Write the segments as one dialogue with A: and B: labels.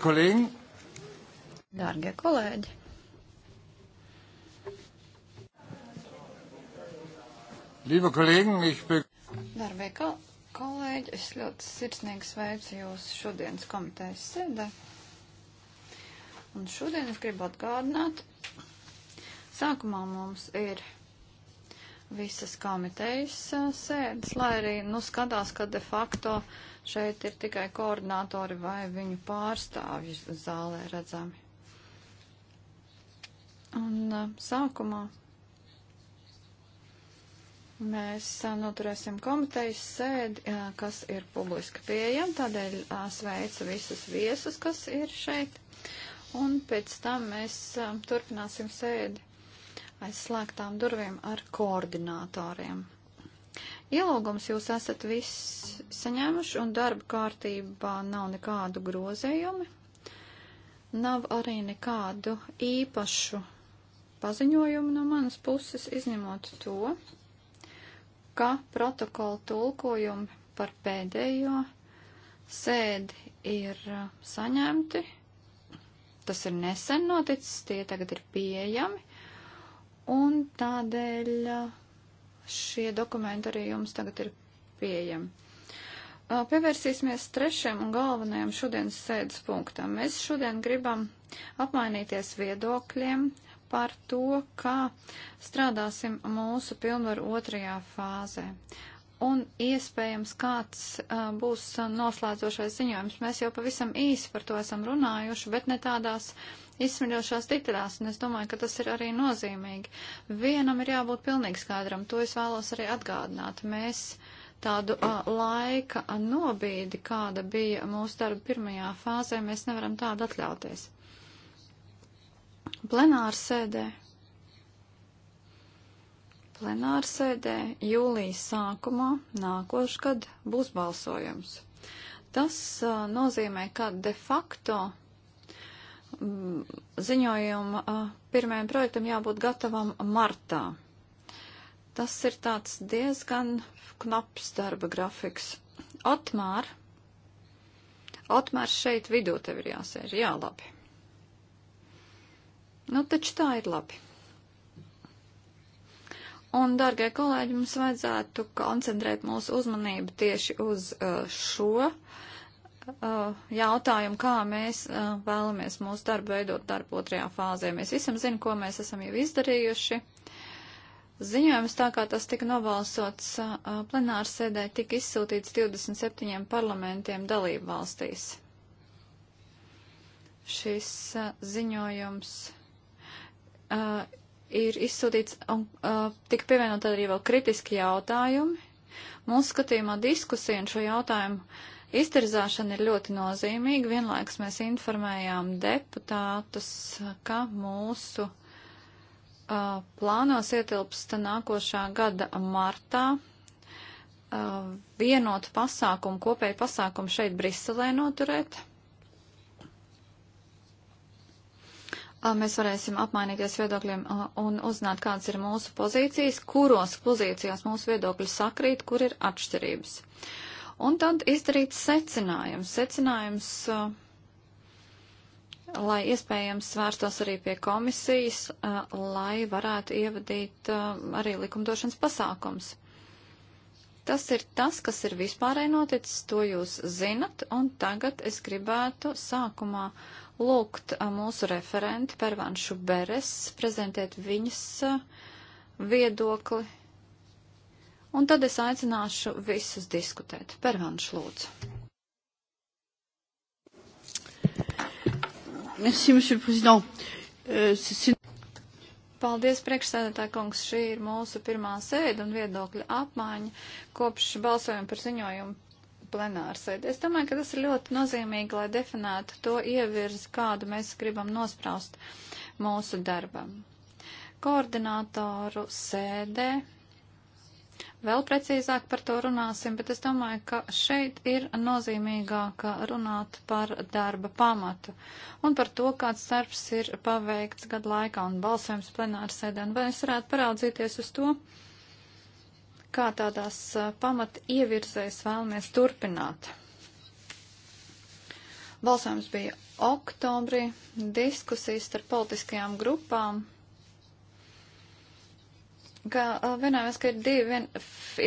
A: Kolēģi. Dārgie kolēģi. Liebe Kollegen, ich be... Darbie kol kolēģi, es ļoti sirsnīgi sveicu jūs šodienas komitejas sēdē. Un šodien es gribu atgādināt, sākumā mums ir visas komitejas sēdes, lai arī, nu, skatās, ka de facto uh, Šeit ir tikai koordinātori vai viņu pārstāvji zālē redzami. Un sākumā mēs noturēsim komitejas sēdi, kas ir publiski pieejama, tādēļ sveicu visus viesus, kas ir šeit. Un pēc tam mēs turpināsim sēdi aiz slēgtām durvīm ar koordinātoriem. Ielūgums jūs esat viss saņēmuši un darba kārtībā nav nekādu grozējumi. Nav arī nekādu īpašu paziņojumu no manas puses, izņemot to, ka protokola tulkojumi par pēdējo sēdi ir uh, saņemti. Tas ir nesen noticis, tie tagad ir pieejami. Un tādēļ uh, Šie dokumenti arī jums tagad ir pieejami. Pievērsīsimies trešiem un galvenajam šodienas sēdes punktam. Mēs šodien gribam apmainīties viedokļiem par to, kā strādāsim mūsu pilnvaru otrajā fāzē un iespējams kāds uh, būs noslēdzošais ziņojums. Mēs jau pavisam īsi par to esam runājuši, bet ne tādās izsmeļošās detaļās, un es domāju, ka tas ir arī nozīmīgi. Vienam ir jābūt pilnīgi skaidram, to es vēlos arī atgādināt. Mēs tādu uh, laika nobīdi, kāda bija mūsu darba pirmajā fāzē, mēs nevaram tādu atļauties. Plenāra sēdē plenārsēdē jūlijas sākumā nākošgad būs balsojums. Tas uh, nozīmē, ka de facto m, mm, ziņojuma uh, pirmajam projektam jābūt gatavam martā. Tas ir tāds diezgan knaps darba grafiks. Otmār, Otmār šeit vidū tev ir jāsēž. Jā, labi. Nu, taču tā ir labi. Un, dārgie kolēģi, mums vajadzētu koncentrēt mūsu uzmanību tieši uz uh, šo uh, jautājumu, kā mēs uh, vēlamies mūsu darbu veidot darbu otrajā fāzē. Mēs visam zinām, ko mēs esam jau izdarījuši. Ziņojums tā kā tas tika nobalsots uh, plenārs sēdē, tika izsūtīts 27 parlamentiem dalību valstīs. Šis uh, ziņojums uh, ir izsūtīts un uh, tika pievienot arī vēl kritiski jautājumi. Mūsu skatījumā diskusija un šo jautājumu izterzāšana ir ļoti nozīmīga. Vienlaiks mēs informējām deputātus, ka mūsu uh, plānos ietilpst nākošā gada martā uh, vienotu pasākumu, kopēju pasākumu šeit Briselē noturēt mēs varēsim apmainīties viedokļiem un uzzināt, kādas ir mūsu pozīcijas, kuros pozīcijās mūsu viedokļi sakrīt, kur ir atšķirības. Un tad izdarīt secinājums. Secinājums, lai iespējams svērstos arī pie komisijas, lai varētu ievadīt arī likumdošanas pasākums. Tas ir tas, kas ir vispārēj noticis, to jūs zinat, un tagad es gribētu sākumā uh, lūgt mūsu referenti Pervanšu Beres prezentēt viņas viedokli. Un tad es aicināšu visus diskutēt. Pervanš lūdzu. Merci, monsieur le président. Uh, Paldies, priekšsēdētāj kungs. Šī ir mūsu pirmā sēda un viedokļa apmaiņa kopš balsojuma par ziņojumu plenārsēdē. Es domāju, ka tas ir ļoti nozīmīgi, lai definētu to ievirzi, kādu mēs gribam nospraust mūsu darbam. Koordinātoru sēdē. Vēl precīzāk par to runāsim, bet es domāju, ka šeit ir nozīmīgāk runāt par darba pamatu un par to, kāds darbs ir paveikts gadu laikā un balsojums plenārsēdē. Un vai es varētu paraudzīties uz to? kā tādās pamat ievirzēs vēlamies turpināt. Balsojums bija oktobrī, diskusijas starp politiskajām grupām. Ka, vienojāmies, ka ir divi vien,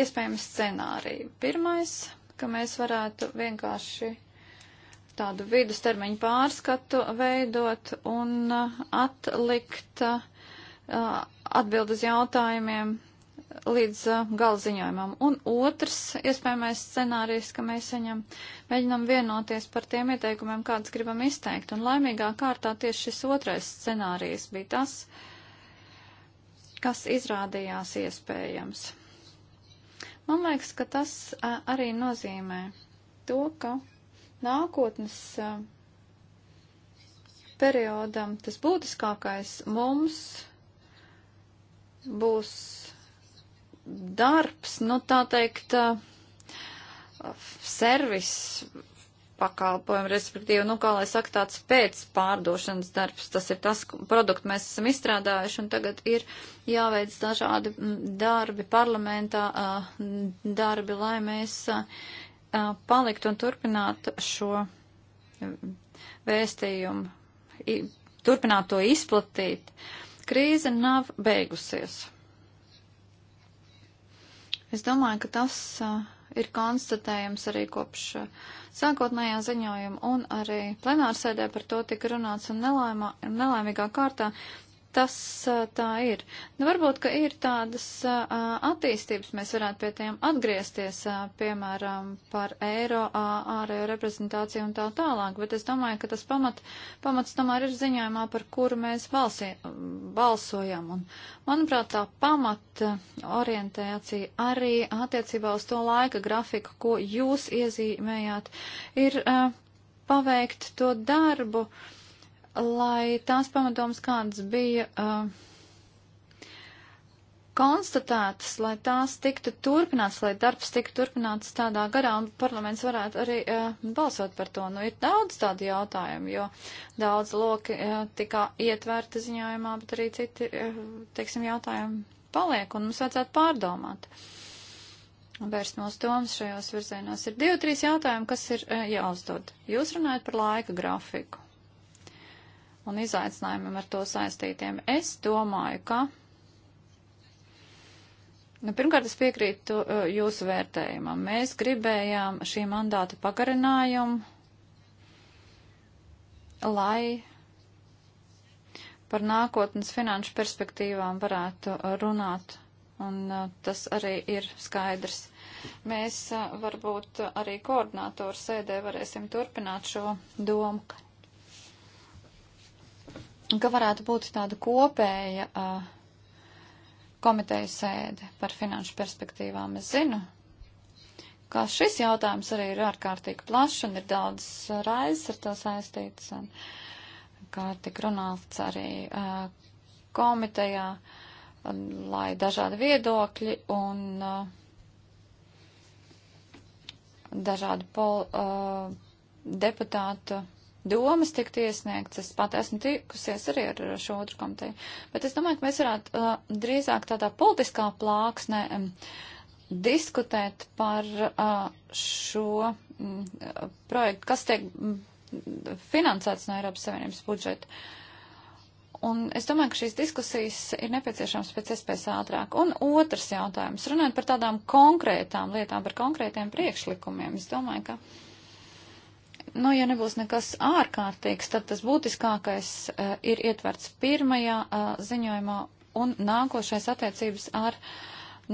A: iespējami scenāriji. Pirmais, ka mēs varētu vienkārši tādu vidustermiņu pārskatu veidot un atlikt atbild uz jautājumiem līdz uh, galziņojumam. Un otrs iespējamais scenārijs, ka mēs viņam mēģinam vienoties par tiem ieteikumiem, kādas gribam izteikt. Un laimīgā kārtā tieši šis otrais scenārijs bija tas, kas izrādījās iespējams. Man liekas, ka tas uh, arī nozīmē to, ka nākotnes uh, periodam tas būtiskākais mums būs darbs, nu tā teikt, servis pakalpojumu, respektīvi, nu, kā lai saka, tāds pēc pārdošanas darbs, tas ir tas produkts, mēs esam izstrādājuši, un tagad ir jāveic dažādi darbi parlamentā, darbi, lai mēs paliktu un turpinātu šo vēstījumu, turpinātu to izplatīt. Krīze nav beigusies. Es domāju, ka tas eh, ir konstatējams arī kopš eh, sākotnējā ziņojuma un arī plenārsēdē par to tika runāts un nelaimā, nelaimīgā kārtā tas tā ir. Nu, varbūt, ka ir tādas attīstības, mēs varētu pie tiem atgriezties, piemēram, par eiro ārējo reprezentāciju un tā tālāk, bet es domāju, ka tas pamat, pamats tomēr ir ziņojumā, par kuru mēs balsi, balsojam. Un, manuprāt, tā pamat orientācija arī attiecībā uz to laika grafiku, ko jūs iezīmējāt, ir paveikt to darbu. Uh, lai tās pamatoms, kādas bija uh, konstatētas, lai tās tiktu turpināts, lai darbs tiktu turpināts tādā garā, un parlaments varētu arī uh, balsot par to. Nu, ir daudz tādu jautājumu, jo daudz loki uh, tikā ietverti ziņojumā, bet arī citi, uh, teiksim, jautājumi paliek, un mums vajadzētu pārdomāt. Un vērst mūsu domas šajos virzienos. Ir divi, trīs jautājumi, kas ir uh, jāuzdod. Jūs runājat par laika grafiku un izaicinājumiem ar to saistītiem. Es domāju, ka. Nu, pirmkārt, es piekrītu uh, jūsu vērtējumam. Mēs gribējām šī mandāta pagarinājumu, lai par nākotnes finanšu perspektīvām varētu uh, runāt, un uh, tas arī ir skaidrs. Mēs varbūt arī koordinātoru sēdē varēsim turpināt šo domu, ka varētu būt tāda kopēja uh, komiteja sēde par finanšu perspektīvām. Es zinu, ka šis jautājums arī ir ārkārtīgi plašs un ir daudz uh, raizes ar to saistīts, un kā tika runāts arī uh, komitejā, un, lai dažādi viedokļi un uh, dažādu pol, uh, deputātu domas tiktu iesniegts. Es pat esmu tikusies arī ar šo otru komiteju. Bet es domāju, ka mēs varētu uh, drīzāk tādā politiskā plāksnē um, diskutēt par uh, šo um, projektu, kas tiek um, finansēts no Eiropas Savienības budžeta. Un es domāju, ka šīs diskusijas ir nepieciešams pēc iespējas ātrāk. Un otrs jautājums, runājot par tādām konkrētām lietām, par konkrētiem priekšlikumiem, es domāju, ka uh, Nu, ja nebūs nekas ārkārtīgs, tad tas būtiskākais uh, ir ietverts pirmajā uh, ziņojumā un nākošais attiecības ar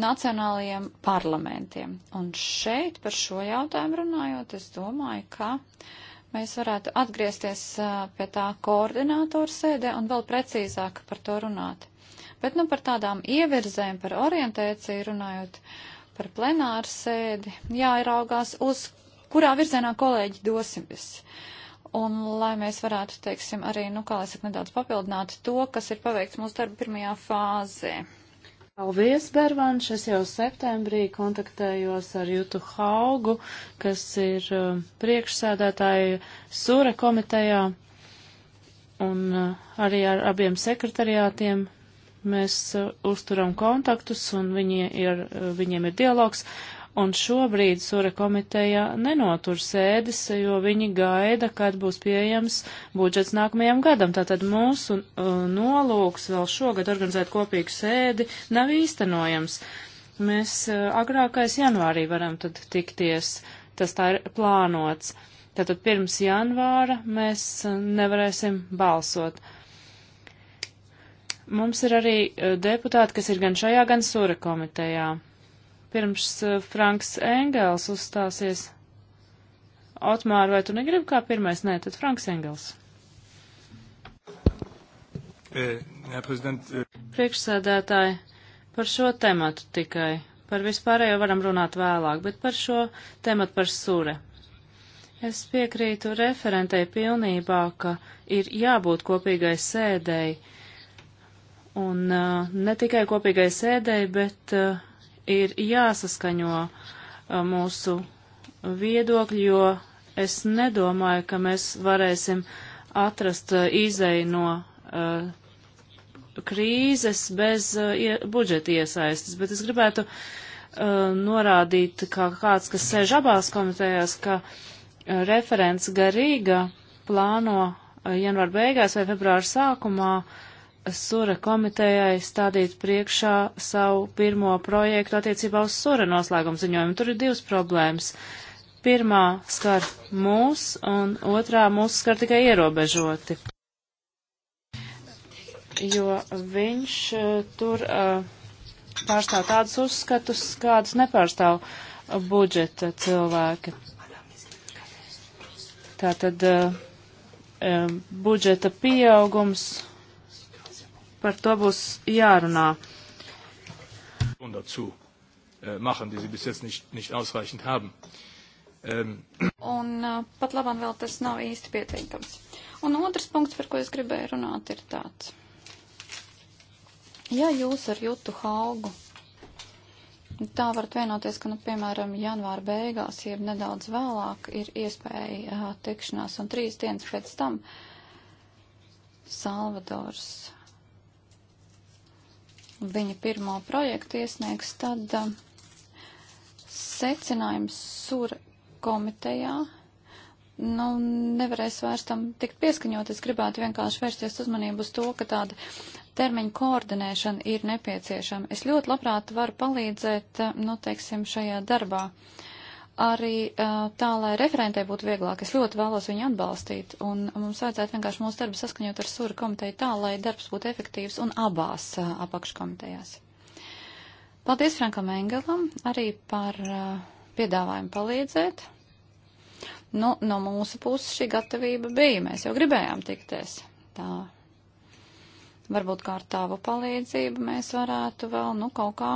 A: nacionālajiem parlamentiem. Un šeit par šo jautājumu runājot, es domāju, ka mēs varētu atgriezties uh, pie tā koordinātora sēdē un vēl precīzāk par to runāt. Bet nu par tādām ievirzēm, par orientāciju runājot, par plenāru sēdi jāiraugās uz kurā virzienā kolēģi dosimies. Un lai mēs varētu, teiksim, arī, nu, kā es saku, nedaudz papildināt to, kas ir paveikts mūsu darba pirmajā fāzē.
B: Paldies, Bervanš! Es jau septembrī kontaktējos ar Jutu Haugu, kas ir uh, priekšsēdētāja Sūra komitejā, un uh, arī ar abiem sekretariātiem mēs uh, uzturam kontaktus, un viņi ir, uh, viņiem ir dialogs un šobrīd Sura komiteja nenotur sēdes, jo viņi gaida, kad būs pieejams budžets nākamajam gadam. Tātad mūsu uh, nolūks vēl šogad organizēt kopīgu sēdi nav īstenojams. Mēs uh, agrākais janvārī varam tad tikties, tas tā ir plānots. Tātad pirms janvāra mēs uh, nevarēsim balsot. Mums ir arī uh, deputāti, kas ir gan šajā, gan Sura komitejā pirms eh, Franks Engels uzstāsies. Otmār, vai tu negribi kā pirmais? Nē, tad Franks Engels.
C: Eh, eh.
B: Priekšsēdētāji, par šo tematu tikai. Par vispārējo varam runāt vēlāk, bet par šo tematu par sure. Es piekrītu referentei pilnībā, ka ir jābūt kopīgai sēdēji. Un uh, ne tikai kopīgai sēdēji, bet uh, ir jāsaskaņo uh, mūsu viedokļi, jo es nedomāju, ka mēs varēsim atrast uh, izēju no uh, krīzes bez uh, budžeta iesaistas, bet es gribētu uh, norādīt, kā kāds, kas sēž abās komitejās, ka uh, referents Garīga plāno janvāra beigās vai februāra sākumā uh, Sura komitejai stādīt priekšā savu pirmo projektu attiecībā uz Sura noslēgumu ziņojumu. Tur ir divas problēmas. Pirmā skar mūs, un otrā mūs skar tikai ierobežoti. Jo viņš eh, tur eh, pārstāv tādus uzskatus, kādus nepārstāv budžeta cilvēki. Tātad eh, budžeta pieaugums par to būs jārunā.
C: Un dazu äh, machen, die sie bis jetzt nicht, nicht ausreichend haben. Um.
A: Un uh, pat labam vēl tas nav īsti pieteikams. Un otrs punkts, par ko es gribēju runāt, ir tāds. Ja jūs ar jūtu haugu tā varat vienoties, ka, nu, piemēram, janvāra beigās, jeb nedaudz vēlāk, ir iespēja uh, tikšanās, un trīs dienas pēc tam Salvadors viņa pirmo projektu iesniegs, tad uh, secinājums sur komitejā nu, nevarēs vairs tam tikt pieskaņot. Es gribētu vienkārši vērsties uzmanību uz to, ka tāda termiņa koordinēšana ir nepieciešama. Es ļoti labprāt varu palīdzēt, um, nu, teiksim, šajā darbā. Uh, arī tā, lai referentē būtu vieglāk. Es ļoti vēlos viņu atbalstīt, un mums vajadzētu vienkārši mūsu darbu saskaņot ar sura komiteju tā, lai darbs būtu efektīvs un abās apakškomitejās. Paldies Frankam Engelam arī par piedāvājumu palīdzēt. Nu, no mūsu puses šī gatavība bija, mēs jau gribējām tikties. Tā varbūt kā ar tavu palīdzību mēs varētu vēl, nu, kaut kā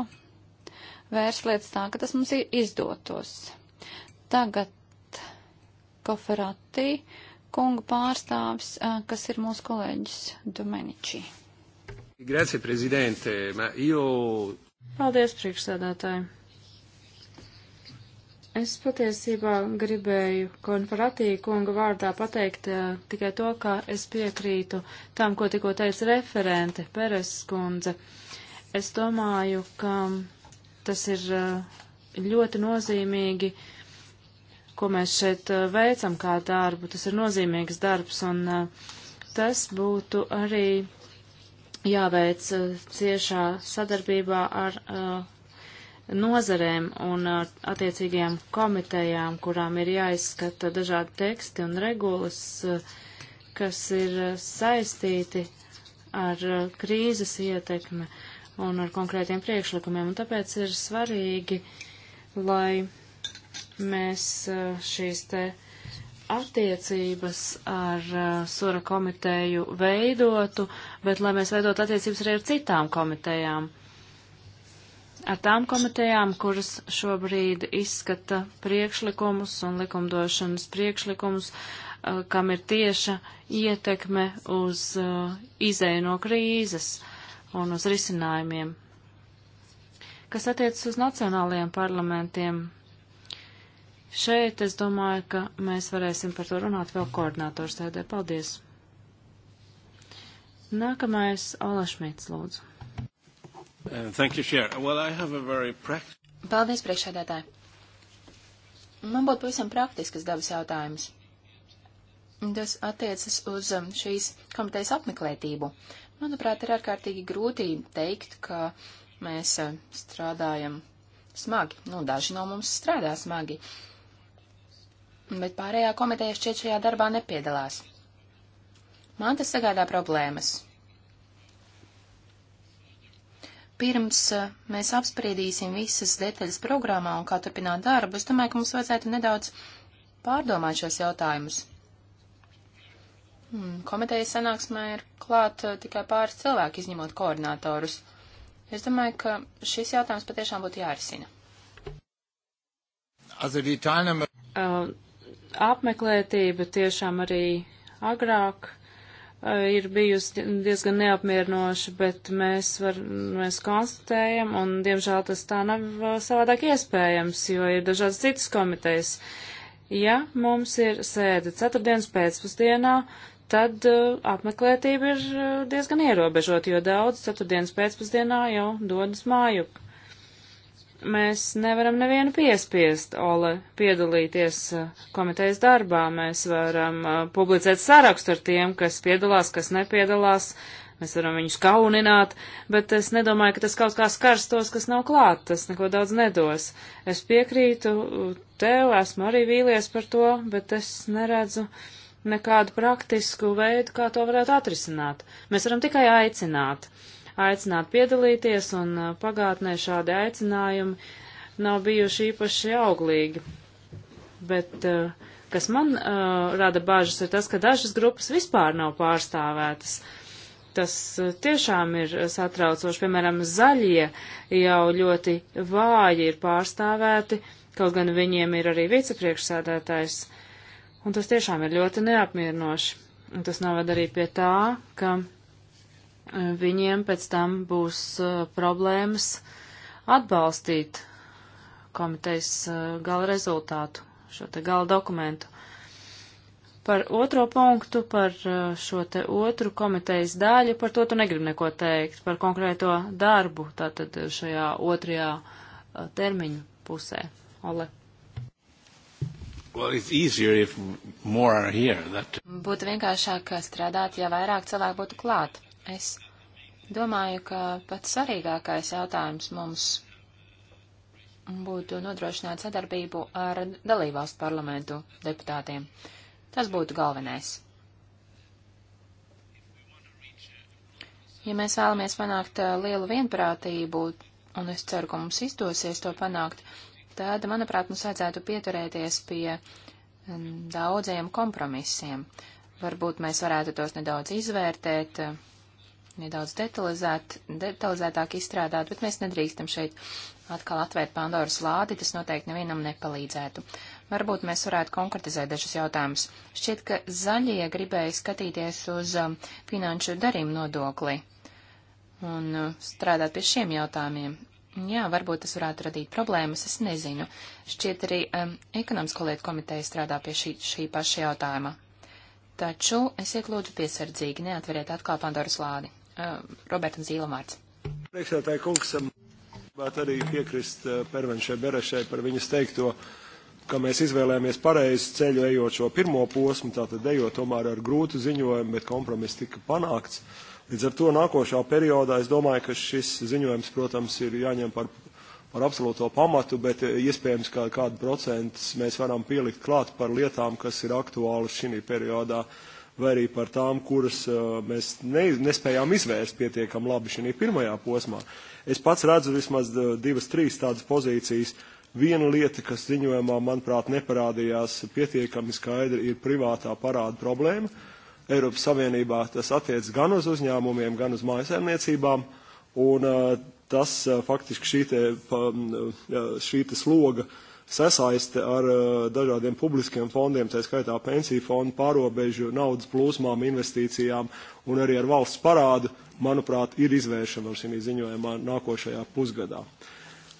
A: vērst lietas tā, ka tas mums izdotos tagad Koferati kungu pārstāvis, kas ir mūsu kolēģis Domeničī.
C: Grazie, prezidente. Ma io...
A: Paldies, priekšsēdētāji. Es
B: patiesībā gribēju konferatī kunga vārdā pateikt uh, tikai to, ka es piekrītu tam, ko tikko teica referente Peres kundze. Es domāju, ka tas ir uh, ļoti nozīmīgi ko mēs šeit uh, veicam kā darbu. Tas ir nozīmīgs darbs, un uh, tas būtu arī jāveic uh, ciešā sadarbībā ar nozarēm un attiecīgajām komitejām, kurām ir jāizskata dažādi teksti un regulas, kas ir saistīti ar krīzes ietekmi un ar konkrētiem priekšlikumiem. Un tāpēc ir svarīgi, lai mēs eh, šīs te attiecības ar eh, Sura komiteju veidotu, bet lai mēs veidotu attiecības arī ar citām komitejām. Ar tām komitejām, kuras šobrīd izskata priekšlikumus un likumdošanas priekšlikumus, eh, kam ir tieša ietekme uz izēju no krīzes un uz risinājumiem. Kas attiecas uz nacionālajiem parlamentiem, Šeit es domāju, ka mēs varēsim par to runāt vēl koordinātors tēdē. Paldies! Nākamais Ola Šmits, lūdzu.
C: Uh, thank you, Chair. Well, I have a very practical...
B: Paldies, priekšsēdētāji.
D: Man būtu pavisam praktiskas dabas jautājums. Tas attiecas uz um, šīs komitejas apmeklētību. Manuprāt, ir ārkārtīgi grūti teikt, ka mēs uh, strādājam smagi. Nu, daži no mums strādā smagi. Uh, bet pārējā komiteja šķiet šajā darbā nepiedalās. Man tas sagādā problēmas. Pirms eh, mēs apspriedīsim visas detaļas programmā un kā turpināt darbu, es domāju, ka mums vajadzētu nedaudz pārdomāt šos jautājumus. Hmm, komitejas sanāksmē ir klāt eh, tikai pāris cilvēki, izņemot koordinatorus. Es domāju, ka šis jautājums patiešām būtu jārisina.
B: Uh, apmeklētība tiešām arī agrāk eh, ir bijusi diezgan neapmierinoša, bet mēs, var, mēs konstatējam, un diemžēl tas tā nav eh, savādāk iespējams, jo ir dažādas citas komitejas. Ja mums ir sēde ceturtdienas pēcpusdienā, tad uh, apmeklētība ir diezgan ierobežota, jo daudz ceturtdienas pēcpusdienā jau dodas mājup mēs nevaram nevienu piespiest, Ole, piedalīties uh, komitejas darbā. Mēs varam uh, publicēt sarakstu ar tiem, kas piedalās, kas nepiedalās. Mēs varam viņus kaunināt, bet es nedomāju, ka tas kaut kā skars tos, kas nav klāt. Tas neko daudz nedos. Es piekrītu tev, esmu arī vīlies par to, bet es neredzu nekādu praktisku veidu, kā to varētu atrisināt. Mēs varam tikai aicināt. Uh, aicināt piedalīties, un pagātnē šādi aicinājumi nav bijuši īpaši auglīgi. Bet kas man uh, rada bažas, ir tas, ka dažas grupas vispār nav pārstāvētas. Tas tiešām ir satraucoši. Piemēram, zaļie jau ļoti vāji ir pārstāvēti, kaut gan viņiem ir arī vicepriekšsēdētājs. Un tas tiešām ir ļoti neapmierinoši. Un tas noved arī pie tā, ka viņiem pēc tam būs uh, problēmas atbalstīt komitejas uh, gala rezultātu, šo te gala dokumentu. Par otro punktu, par uh, šo te otru komitejas daļu, par to tu negribi neko teikt, par konkrēto darbu, tātad šajā otrajā termiņu pusē. Ole.
A: Well, that...
B: Būtu vienkāršāk strādāt,
D: ja vairāk cilvēku būtu klāt. Es Domāju, ka pats svarīgākais jautājums mums būtu nodrošināt sadarbību ar dalībvalstu parlamentu deputātiem. Tas būtu galvenais. Ja mēs vēlamies panākt uh, lielu vienprātību, un es ceru, ka mums izdosies to panākt, tad, manuprāt, mums vajadzētu pieturēties pie um, daudziem kompromisiem. Varbūt mēs varētu tos nedaudz izvērtēt, uh, nedaudz detalizēt, detalizētāk izstrādāt, bet mēs nedrīkstam šeit atkal atvērt Pandoras lādi, tas noteikti nevienam nepalīdzētu. Varbūt mēs varētu konkretizēt dažus jautājumus. Šķiet, ka zaļie gribēja skatīties uz um, finanšu darījumu nodokli un uh, strādāt pie šiem jautājumiem. Jā, varbūt tas varētu radīt problēmas, es nezinu. Šķiet arī um, ekonomisko lietu komiteja strādā pie šī, šī paša jautājuma. Taču esiet lūdzu piesardzīgi, neatveriet atkal Pandoras lādi. Uh, Robertam Zīlam vārds.
C: Priekšētāji kungs, gribētu arī piekrist uh, Pervenšai Berešai par viņas teikto, ka mēs izvēlējāmies pareizi ceļu ejot šo pirmo posmu, tātad ejot tomēr ar grūtu ziņojumu, bet kompromiss tika panākts. Līdz ar to nākošā periodā es domāju, ka šis ziņojums, protams, ir jāņem par, par absolūto pamatu, bet uh, iespējams, ka kādu procentu mēs varam pielikt klāt par lietām, kas ir aktuālas šī periodā. Uh, vai arī par tām, kuras mēs ne, nespējām izvērst pietiekam labi šī pirmajā posmā. Es pats redzu vismaz divas, trīs tādas pozīcijas. Viena lieta, kas ziņojumā, manuprāt, neparādījās pietiekami skaidri, ir privātā parāda problēma. Eiropas Savienībā tas attiec gan uz uzņēmumiem, gan uz mājasēmniecībām, un tas faktiski šī te, šī te sloga uh, sasaiste ar uh, dažādiem publiskiem fondiem, tā skaitā pensiju fondu, pārobežu naudas plūsmām, investīcijām un arī ar valsts parādu, manuprāt, ir izvēršama šī ziņojumā nākošajā pusgadā.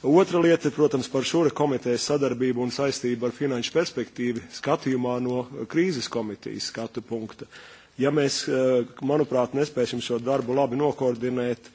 C: Otra lieta, protams, par šura komitejas sadarbību un saistību ar finanšu perspektīvi skatījumā no krīzes komitejas skatu punkta. Ja mēs, uh, manuprāt, nespēsim šo darbu labi nokoordinēt,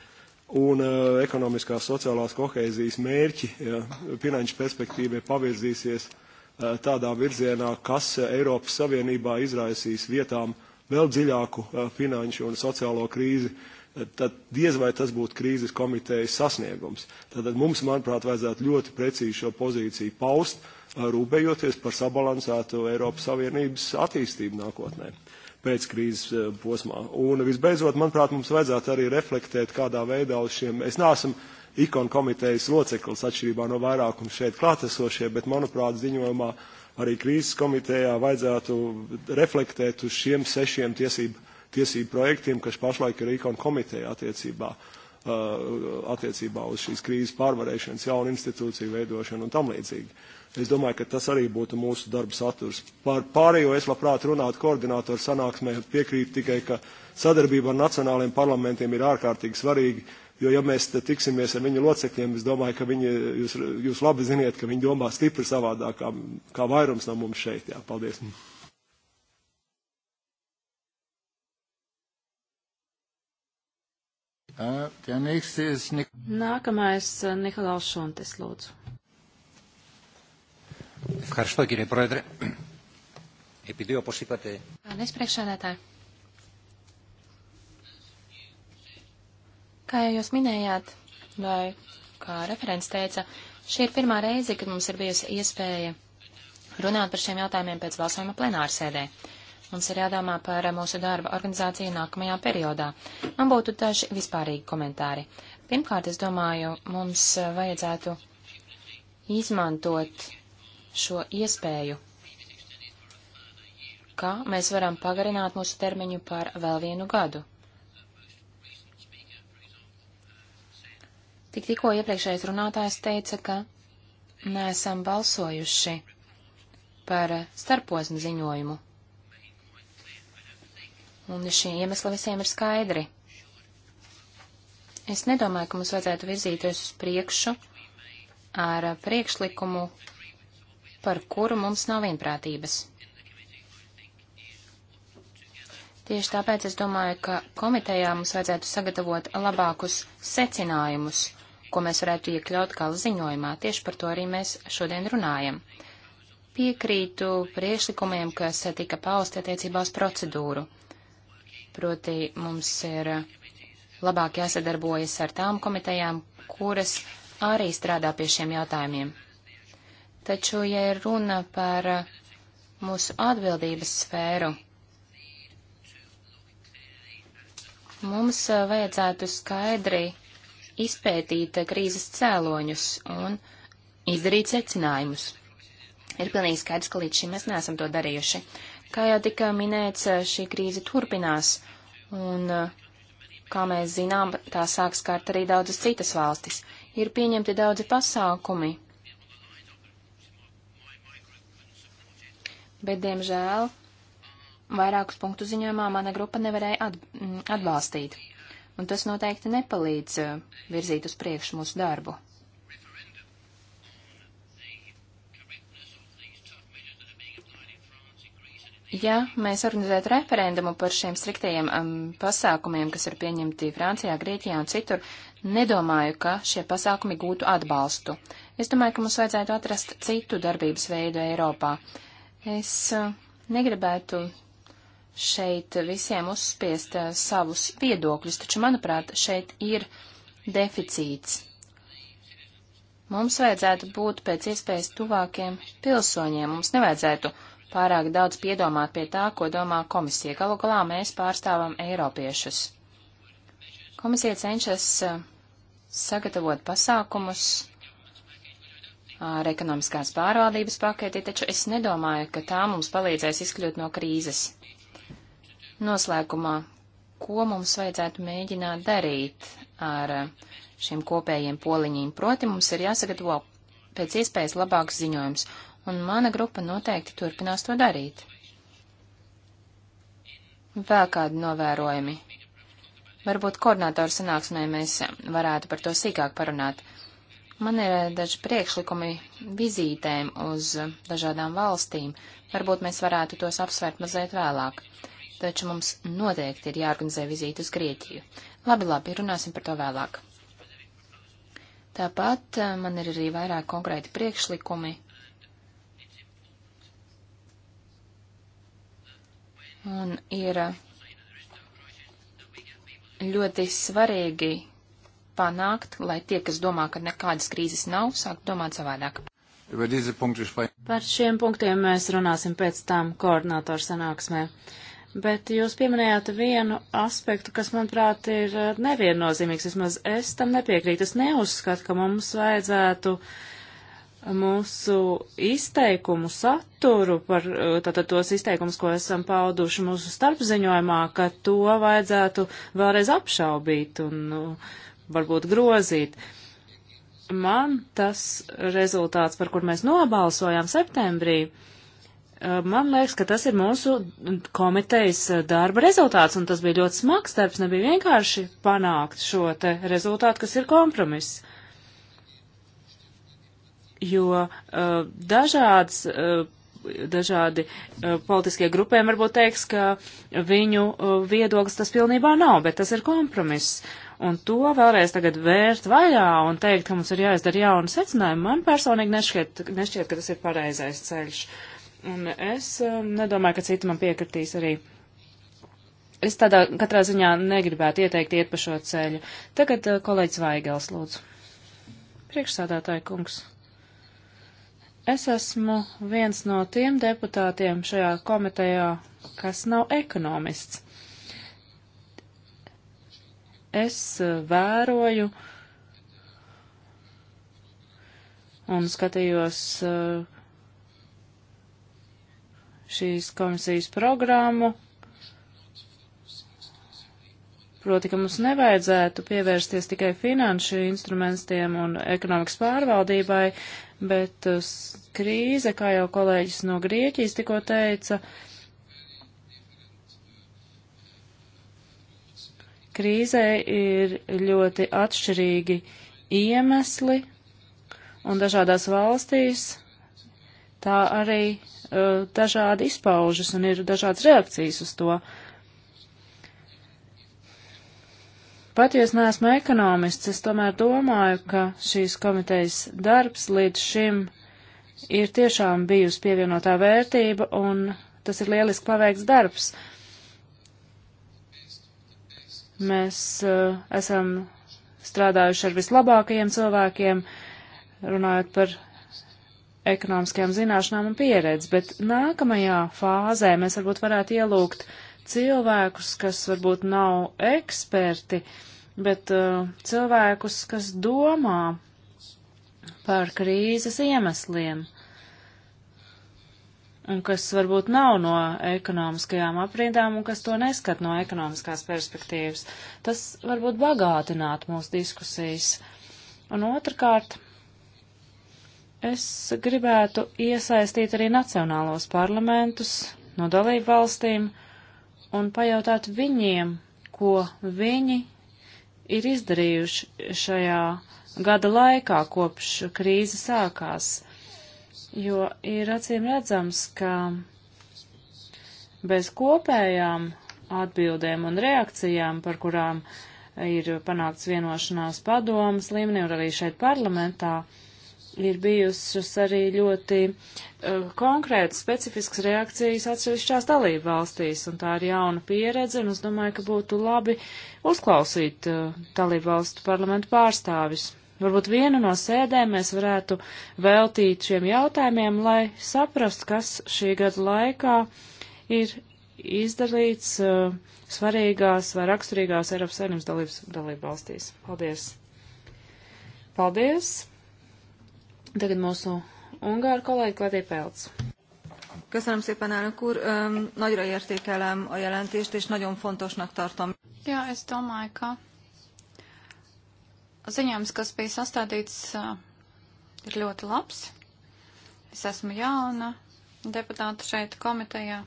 C: un uh, ekonomiskās sociālās kohēzijas mērķi ja, finanšu perspektīvē pavirzīsies uh, tādā virzienā, kas uh, Eiropas Savienībā izraisīs vietām vēl dziļāku uh, finanšu un sociālo krīzi, uh, tad diez vai tas būtu krīzes komitejas sasniegums. Tātad mums, manuprāt, vajadzētu ļoti precīzi šo pozīciju paust, uh, rūpējoties par sabalansētu Eiropas Savienības attīstību nākotnē. Uh, pēckrīzes eh, posmā. Un visbeidzot, manuprāt, mums vajadzētu arī reflektēt, kādā veidā uz šiem. Es neesmu ikonu komitejas loceklis atšķirībā no vairākuma šeit klātesošie, bet, manuprāt, ziņojumā arī krīzes komitejā vajadzētu reflektēt uz šiem sešiem tiesību, tiesību projektiem, kas pašlaik ir ikonu komiteja attiecībā eh, attiecībā uz šīs krīzes pārvarēšanas, jaunu institūciju veidošanu un tam līdzīgi. Es domāju, ka tas arī būtu mūsu darba saturs. Par pārējo es labprāt runātu koordinātoru sanāksmē, piekrītu tikai, ka sadarbība ar nacionāliem parlamentiem ir ārkārtīgi svarīga, jo ja mēs tiksimies ar viņu locekļiem, es domāju, ka viņi, jūs, jūs labi ziniet, ka viņi domā stipri savādāk kā, kā vairums no mums šeit. Jā, paldies. Uh,
B: Nākamais uh, Nikolaus Šuntes, lūdzu. Ευχαριστώ κύριε Πρόεδρε. Επειδή όπως είπατε... Paldies, priekšsēdētāji.
D: Kā jau jūs minējāt, vai kā referents teica, šī ir pirmā reize, kad mums ir bijusi iespēja runāt par šiem jautājumiem pēc balsojuma plenārsēdē. Mums ir jādomā par mūsu darba organizāciju nākamajā periodā. Man būtu daži vispārīgi komentāri. Pirmkārt, es domāju, mums vajadzētu izmantot šo iespēju, ka mēs varam pagarināt mūsu termiņu par vēl vienu gadu. Tik tikko iepriekšējais runātājs teica, ka neesam balsojuši par starposmu ziņojumu. Un šī iemesla visiem ir skaidri. Es nedomāju, ka mums vajadzētu virzīties uz priekšu ar priekšlikumu, par kuru mums nav vienprātības. Tieši tāpēc es domāju, ka komitejā mums vajadzētu sagatavot labākus secinājumus, ko mēs varētu iekļaut kā ziņojumā. Tieši par to arī mēs šodien runājam. Piekrītu priešlikumiem, kas tika pausti attiecībā uz procedūru. Proti mums ir labāk jāsadarbojas ar tām komitejām, kuras arī strādā pie šiem jautājumiem. Taču, ja ir runa par uh, mūsu atbildības sfēru, mums uh, vajadzētu skaidri izpētīt uh, krīzes cēloņus un izdarīt secinājumus. Ir pilnīgi skaidrs, ka līdz šim mēs neesam to darījuši. Kā jau tika minēts, šī krīze turpinās, un, kā mēs zinām, tā sāks kārt arī daudzas citas valstis. Ir pieņemti daudzi pasākumi, bet, diemžēl, vairākus punktu ziņojumā mana grupa nevarēja at atbalstīt, un tas noteikti nepalīdz uh, virzīt uz priekšu mūsu darbu. Ja mēs organizētu referendumu par šiem striktajiem um, pasākumiem, kas ir pieņemti Francijā, Grieķijā un citur, nedomāju, ka šie pasākumi gūtu atbalstu. Es domāju, ka mums vajadzētu atrast citu darbības veidu Eiropā. Uh, Es negribētu šeit visiem uzspiest savus viedokļus, taču, manuprāt, šeit ir deficīts. Mums vajadzētu būt pēc iespējas tuvākiem pilsoņiem, mums nevajadzētu pārāk daudz piedomāt pie tā, ko domā komisija. Galu galā mēs pārstāvam eiropiešus. Komisija cenšas sagatavot pasākumus, ar ekonomiskās pārvaldības paketi, taču es nedomāju, ka tā mums palīdzēs izkļūt no krīzes. Noslēgumā, ko mums vajadzētu mēģināt darīt ar šiem kopējiem poliņiem? Proti, mums ir jāsagatavo pēc iespējas labāks ziņojums, un mana grupa noteikti turpinās to darīt. Vēl kādi novērojumi. Varbūt koordinātoru sanāksmē mēs varētu par to sīkāk parunāt. Man ir eh, daži priekšlikumi vizītēm uz eh, dažādām valstīm. Varbūt mēs varētu tos apsvērt mazliet vēlāk. Taču mums noteikti ir jāorganizē vizīte uz Grieķiju. Labi, labi, runāsim par to vēlāk. Tāpat eh, man ir arī vairāk konkrēti priekšlikumi. Un ir ļoti svarīgi panākt, lai tie, kas domā,
B: ka nekādas krīzes nav, sāk domāt savādāk. Par šiem punktiem mēs runāsim pēc tam koordinātoru sanāksmē. Bet jūs pieminējāt vienu aspektu, kas, manuprāt, ir eh, neviennozīmīgs. Vismaz es tam nepiekrītu. Es neuzskatu, ka mums vajadzētu mūsu izteikumu saturu par eh, tātad tos izteikumus, ko esam pauduši mūsu starpziņojumā, ka to vajadzētu vēlreiz apšaubīt un varbūt grozīt. Man tas rezultāts, par kur mēs nobalsojām septembrī, eh, man liekas, ka tas ir mūsu komitejas eh, darba rezultāts, un tas bija ļoti smags darbs, nebija vienkārši panākt šo te rezultātu, kas ir kompromiss jo uh, eh, dažāds, uh, dažādi uh, politiskie grupējumi varbūt teiks, ka viņu uh, viedoklis tas pilnībā nav, bet tas ir kompromiss. Un to vēlreiz tagad vērt vaļā un teikt, ka mums ir jāizdara jauna secinājuma, man personīgi nešķiet, nešķiet, ka tas ir pareizais ceļš. Un es um, nedomāju, ka citi man piekritīs arī. Es tādā katrā ziņā negribētu ieteikt iet pa šo ceļu. Tagad uh, kolēģis Vaigels, lūdzu. Priekšsādātāja kungs. Es esmu viens no tiem deputātiem šajā komitejā, kas nav ekonomists es eh, vēroju un skatījos eh, šīs komisijas programmu, proti, ka mums nevajadzētu pievērsties tikai finanšu instrumentiem un ekonomikas pārvaldībai, bet eh, krīze, kā jau kolēģis no Grieķijas tikko teica, uh, Krīzē ir ļoti atšķirīgi iemesli, un dažādās valstīs tā arī uh, dažādi izpaužas un ir dažādas reakcijas uz to. Pat ja es neesmu ekonomists, es tomēr domāju, ka šīs komitejas darbs līdz šim ir tiešām bijusi pievienotā vērtība, un tas ir lieliski paveikts darbs. Uh, Mēs uh, esam strādājuši ar vislabākajiem cilvēkiem, runājot par ekonomiskajām zināšanām un pieredzi, bet nākamajā fāzē mēs varbūt varētu ielūgt cilvēkus, kas varbūt nav eksperti, bet uh, cilvēkus, kas domā par krīzes iemesliem un kas varbūt nav no ekonomiskajām aprindām un kas to neskat no ekonomiskās perspektīvas. Tas varbūt bagātinātu mūsu diskusijas. Un otrkārt, es gribētu iesaistīt arī nacionālos parlamentus no dalību valstīm un pajautāt viņiem, ko viņi ir izdarījuši šajā gada laikā, kopš krīze sākās jo ir acīm redzams, ka bez kopējām atbildēm un reakcijām, par kurām ir panākts vienošanās padomas līmenī un arī šeit parlamentā, ir bijušas arī ļoti uh, konkrētas, specifiskas reakcijas atsevišķās dalību valstīs, un tā ir jauna pieredze, un es domāju, ka būtu labi uzklausīt uh, dalību valstu parlamentu pārstāvis. Varbūt vienu no sēdēm mēs varētu veltīt šiem jautājumiem, lai saprast, kas šī gada laikā ir izdarīts uh, svarīgās vai raksturīgās Eiropas saimnības dalības dalību valstīs. Paldies! Paldies! Tagad mūsu
A: ungāru kolēģi Klatī Pelts. Köszönöm szépen, elnök úr. Um, nagyra értékelem a jelentést, és nagyon fontosnak tartom. Ja, es domāju, ka Ziņojums, kas bija sastādīts, ir ļoti labs. Es esmu jauna deputāta šeit komitejā,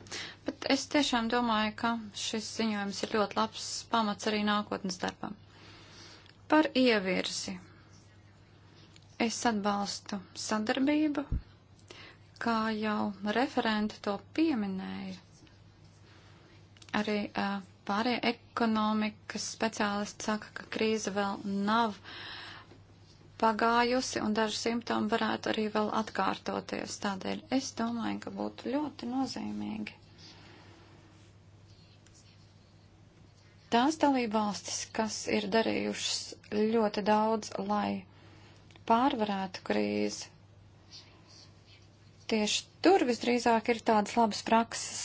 A: bet es tiešām domāju, ka šis ziņojums ir ļoti labs pamats arī nākotnes darbam. Par ievirzi. Es atbalstu sadarbību, kā jau referenti to pieminēja. Arī uh, pārējie ekonomikas speciālisti saka, ka krīze vēl nav pagājusi un daži simptomi varētu arī vēl atkārtoties. Tādēļ es domāju, ka būtu ļoti nozīmīgi. Tās dalībvalstis, kas ir darījušas ļoti daudz, lai pārvarētu krīzi, tieši tur visdrīzāk ir tādas labas prakses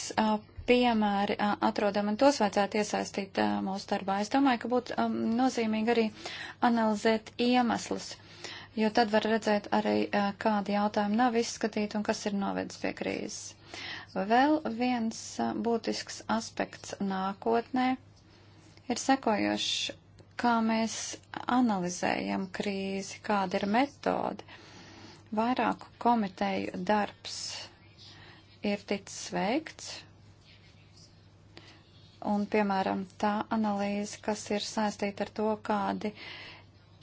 A: piemēri atrodam, un tos vajadzētu iesaistīt mūsu darbā. Es domāju, ka būtu um, nozīmīgi arī analizēt iemeslus, jo tad var redzēt arī, kādi jautājumi nav izskatīti un kas ir novedis pie krīzes. Vēl viens būtisks aspekts nākotnē ir sekojošs, kā mēs analizējam krīzi, kāda ir metode. Vairāku komiteju darbs ir ticis veikts, Un, piemēram, tā analīze, kas ir saistīta ar to, kādi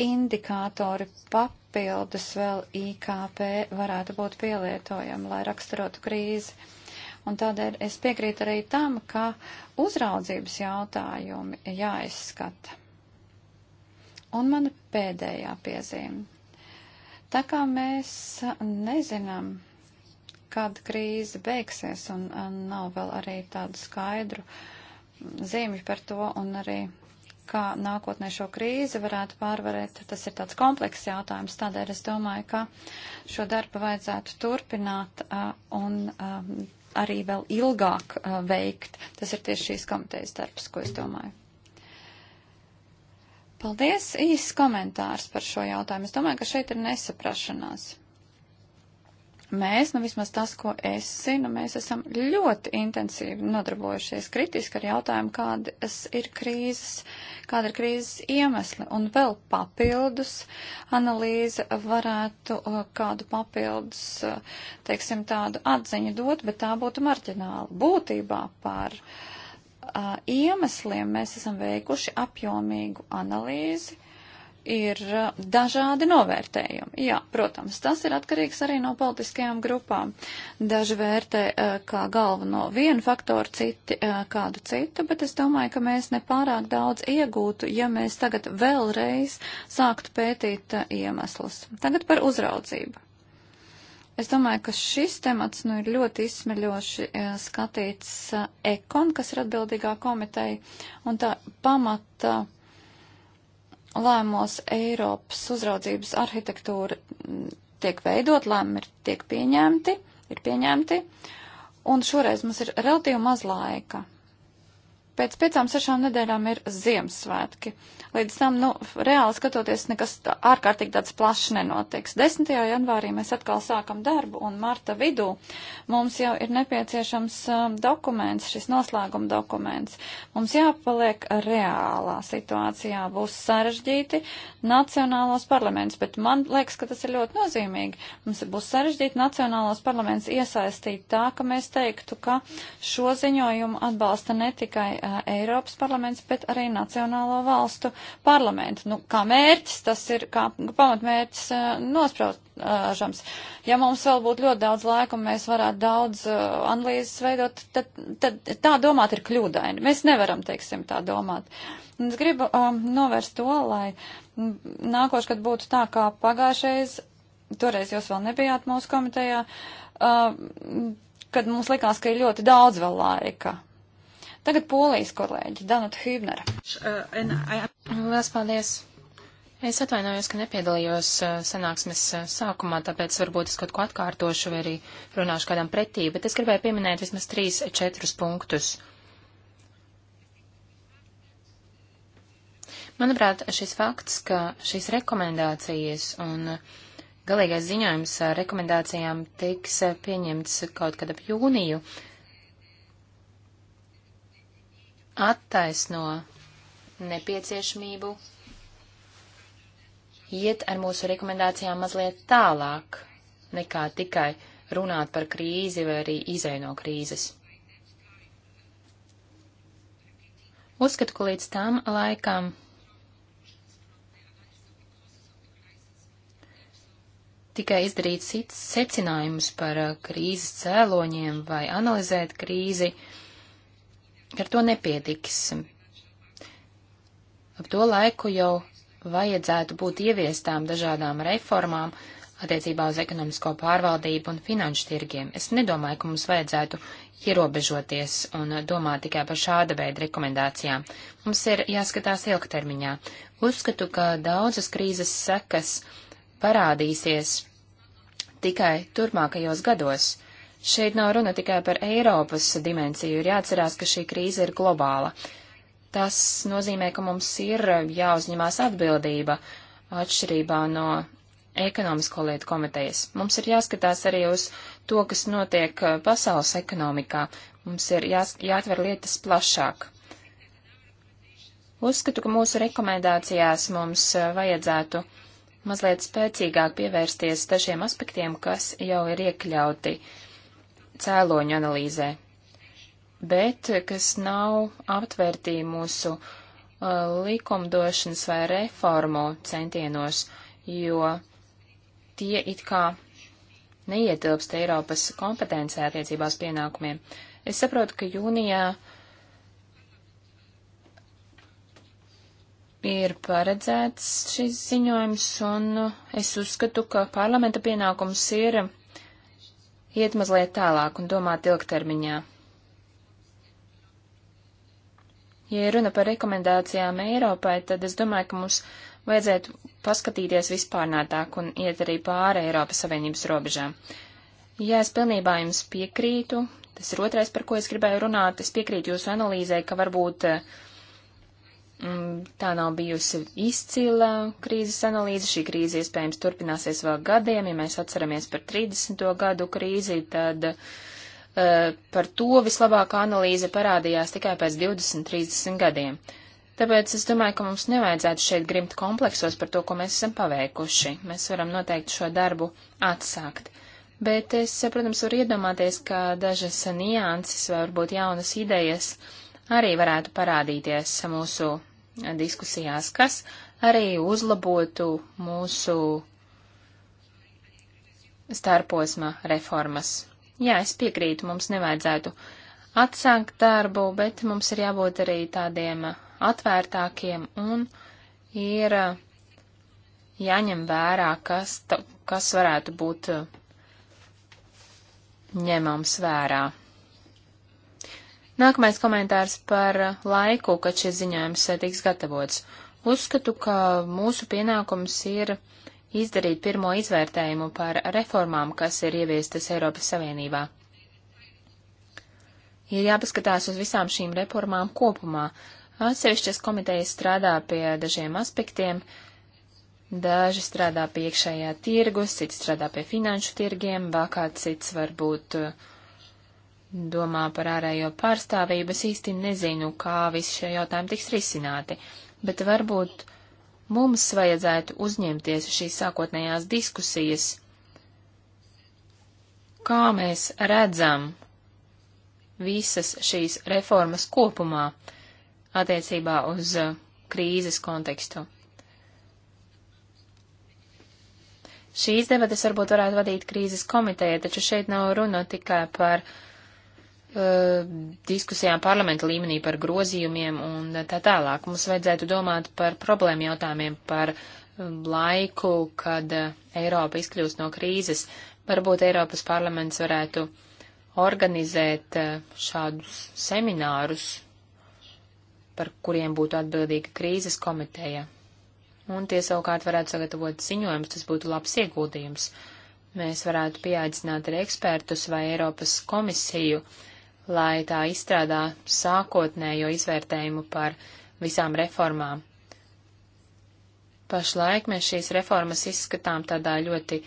A: indikātori papildus vēl IKP varētu būt pielietojami, lai raksturotu krīzi. Un tādēļ es piekrītu arī tam, ka uzraudzības jautājumi jāizskata. Un mana pēdējā piezīme. Tā kā mēs nezinām, kad krīze beigsies un nav vēl arī tādu skaidru uh, zīmju par to un arī kā nākotnē šo krīzi varētu pārvarēt. Tas ir tāds komplekss jautājums, tādēļ es domāju, ka šo darbu vajadzētu turpināt uh, un uh, arī vēl ilgāk uh, veikt. Tas ir tieši šīs komitejas darbs, ko es domāju. Paldies! Īsts komentārs par šo jautājumu. Es domāju, ka šeit ir nesaprašanās mēs, nu vismaz tas, ko es zinu, mēs esam ļoti intensīvi nodarbojušies kritiski ar jautājumu, kādas ir krīzes, kāda ir krīzes iemesli. Un vēl papildus analīze varētu uh, kādu papildus, uh, teiksim, tādu atziņu dot, bet tā būtu marģināla. Būtībā par uh, iemesliem mēs esam veikuši apjomīgu analīzi ir dažādi novērtējumi. Jā, protams, tas ir atkarīgs arī no politiskajām grupām. Daži vērtē kā galveno vienu faktoru, citi kādu citu, bet es domāju, ka mēs nepārāk daudz iegūtu, ja mēs tagad vēlreiz sāktu pētīt iemeslus. Tagad par uzraudzību. Es domāju, ka šis temats nu, ir ļoti izsmeļoši skatīts ekon, kas ir atbildīgā komiteja, un tā pamata. Uh, lēmos Eiropas uzraudzības arhitektūra mm, tiek veidot, lēmumi ir tiek pieņemti, ir pieņemti, un šoreiz mums ir relatīvi maz laika. Pēc piecām, sešām nedēļām ir Ziemassvētki. Līdz tam, nu, reāli skatoties, nekas tā, ārkārtīgi tāds plašs nenotiks. 10. janvārī mēs atkal sākam darbu, un marta vidū mums jau ir nepieciešams um, dokuments, šis noslēguma dokuments. Mums jāpaliek reālā situācijā, būs sarežģīti nacionālos parlaments, bet man liekas, ka tas ir ļoti nozīmīgi. Mums būs sarežģīti nacionālos parlaments iesaistīt tā, ka mēs teiktu, ka šo ziņojumu atbalsta ne tikai Eiropas parlaments, bet arī Nacionālo valstu parlamentu. Nu, kā mērķis, tas ir kā pamatmērķis nospraužams. Ja mums vēl būtu ļoti daudz laika un mēs varētu daudz analīzes veidot, tad, tad tā domāt ir kļūdaini. Mēs nevaram, teiksim, tā domāt. Un es gribu um, novērst to, lai nākošais, kad būtu tā kā pagājušais, toreiz jūs vēl nebijāt mūsu komitejā, uh, kad mums likās, ka ir ļoti daudz vēl laika. Tagad polijas kolēģi Danuta Hībnera. Uh, Lielas paldies! Es atvainojos, ka nepiedalījos uh,
D: sanāksmes uh, sākumā, tāpēc varbūt es kaut ko atkārtošu vai arī runāšu kādam pretī, bet es gribēju pieminēt vismaz trīs, četrus punktus. Manuprāt, šis fakts, ka šīs rekomendācijas un galīgais ziņojums rekomendācijām tiks pieņemts kaut kad ap jūniju, attaisno nepieciešamību iet ar mūsu rekomendācijām mazliet tālāk nekā tikai runāt par krīzi vai arī izēju no krīzes. Uzskatu, ka līdz tam laikam tikai izdarīt secinājums par eh, krīzes cēloņiem vai analizēt krīzi, uh, ar to nepietiks. Ap to laiku jau vajadzētu būt ieviestām dažādām reformām attiecībā uz ekonomisko pārvaldību un finanšu tirgiem. Es nedomāju, ka mums vajadzētu ierobežoties un domāt tikai par šāda veida rekomendācijām. Mums ir jāskatās ilgtermiņā. Uzskatu, ka daudzas krīzes sekas parādīsies tikai turpmākajos gados. Šeit nav runa tikai par Eiropas dimensiju, ir jāatcerās, ka šī krīze ir globāla. Tas nozīmē, ka mums ir jāuzņemās atbildība atšķirībā no ekonomisko lietu komitejas. Mums ir jāskatās arī uz to, kas notiek uh, pasaules ekonomikā. Mums ir jās, jāatver lietas plašāk. Uzskatu, ka mūsu rekomendācijās mums uh, vajadzētu mazliet spēcīgāk pievērsties dažiem aspektiem, kas jau ir iekļauti uh, cēloņu analīzē, bet kas nav aptvērtī mūsu uh, likumdošanas vai reformu centienos, jo tie it kā neietilpst Eiropas kompetencē attiecībās pienākumiem. Es saprotu, ka jūnijā ir paredzēts šis ziņojums, un es uzskatu, ka parlamenta pienākums ir iet mazliet tālāk un domāt ilgtermiņā. Ja runa par rekomendācijām Eiropai, tad es domāju, ka mums vajadzētu paskatīties vispārnātāk un iet arī pāri Eiropas Savienības robežām. Ja es pilnībā jums piekrītu, tas ir otrais, par ko es gribēju runāt, es piekrītu jūsu analīzē, ka varbūt uh, Mm, tā nav bijusi izcila krīzes analīze. Šī krīze iespējams turpināsies vēl gadiem. Ja mēs atceramies par 30. gadu krīzi, tad uh, par to vislabākā analīze parādījās tikai pēc 20, 30 gadiem. Tāpēc es domāju, ka mums nevajadzētu šeit grimt kompleksos par to, ko mēs esam paveikuši. Mēs varam noteikti šo darbu atsākt. Bet es, eh, protams, varu iedomāties, ka dažas nianses vai varbūt jaunas idejas arī varētu parādīties mūsu diskusijās, kas arī uzlabotu mūsu starposma reformas. Jā, es piekrītu, mums nevajadzētu atsākt darbu, bet mums ir jābūt arī tādiem atvērtākiem un ir jāņem vērā, kas, ta, kas varētu būt ņemams vērā. Nākamais komentārs par laiku, kad šis ziņojums eh, tiks gatavots. Uzskatu, ka mūsu pienākums ir izdarīt pirmo izvērtējumu par reformām, kas ir ieviestas Eiropas Savienībā. Ir jāpaskatās uz visām šīm reformām kopumā. Atsevišķas komitejas strādā pie dažiem aspektiem, daži strādā pie iekšējā tirgus, cits strādā pie finanšu tirgiem, vēl kāds cits varbūt uh, domā par ārējo pārstāvību, es īsti nezinu, kā visi šie jautājumi tiks risināti, bet varbūt mums vajadzētu uzņemties šīs sākotnējās diskusijas, kā mēs redzam visas šīs reformas kopumā attiecībā uz uh, krīzes kontekstu. Šīs debates varbūt varētu vadīt krīzes komiteja, taču šeit nav runa tikai par uh, Eh, diskusijām parlamenta līmenī par grozījumiem un tā tālāk. Mums vajadzētu domāt par problēmu jautājumiem, par eh, laiku, kad eh, Eiropa izkļūst no krīzes. Varbūt Eiropas parlaments varētu organizēt šādus seminārus, par kuriem būtu atbildīga krīzes komiteja. Un tie savukārt varētu sagatavot ziņojumus, tas būtu labs ieguldījums. Mēs varētu pieaicināt arī ekspertus vai Eiropas komisiju, uh, lai tā izstrādā sākotnējo izvērtējumu par visām reformām. Pašlaik mēs šīs reformas izskatām tādā ļoti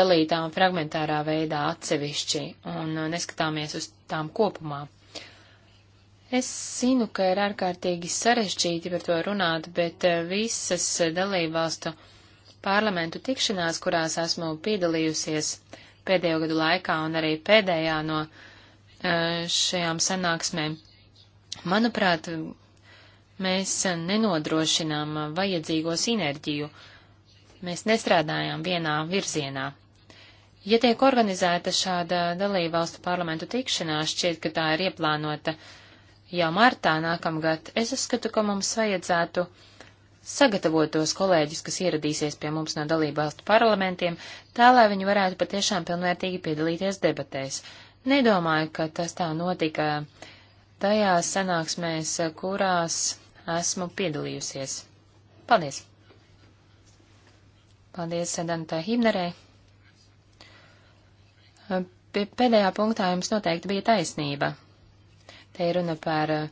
D: dalītā un fragmentārā veidā atsevišķi un neskatāmies uz tām kopumā. Es zinu, ka ir ārkārtīgi sarežģīti par to runāt, bet eh, visas dalībvalstu parlamentu tikšanās, kurās esmu piedalījusies pēdējo gadu laikā un arī pēdējā no uh, šajām sanāksmēm. Manuprāt, mēs nenodrošinām vajadzīgo sinerģiju. Mēs nestrādājām vienā virzienā. Ja tiek organizēta šāda dalībvalstu parlamentu tikšanās, šķiet, ka tā ir ieplānota jau martā nākamgad, es uzskatu, ka mums vajadzētu sagatavot tos kolēģus, kas ieradīsies pie mums no dalībvalstu parlamentiem, tā lai viņi varētu patiešām pilnvērtīgi piedalīties debatēs. Nedomāju, ka tas tā notika tajās sanāksmēs, kurās esmu piedalījusies. Paldies! Paldies, Dantai Himnerē! Pēdējā punktā jums noteikti bija taisnība. Te ir runa par eh,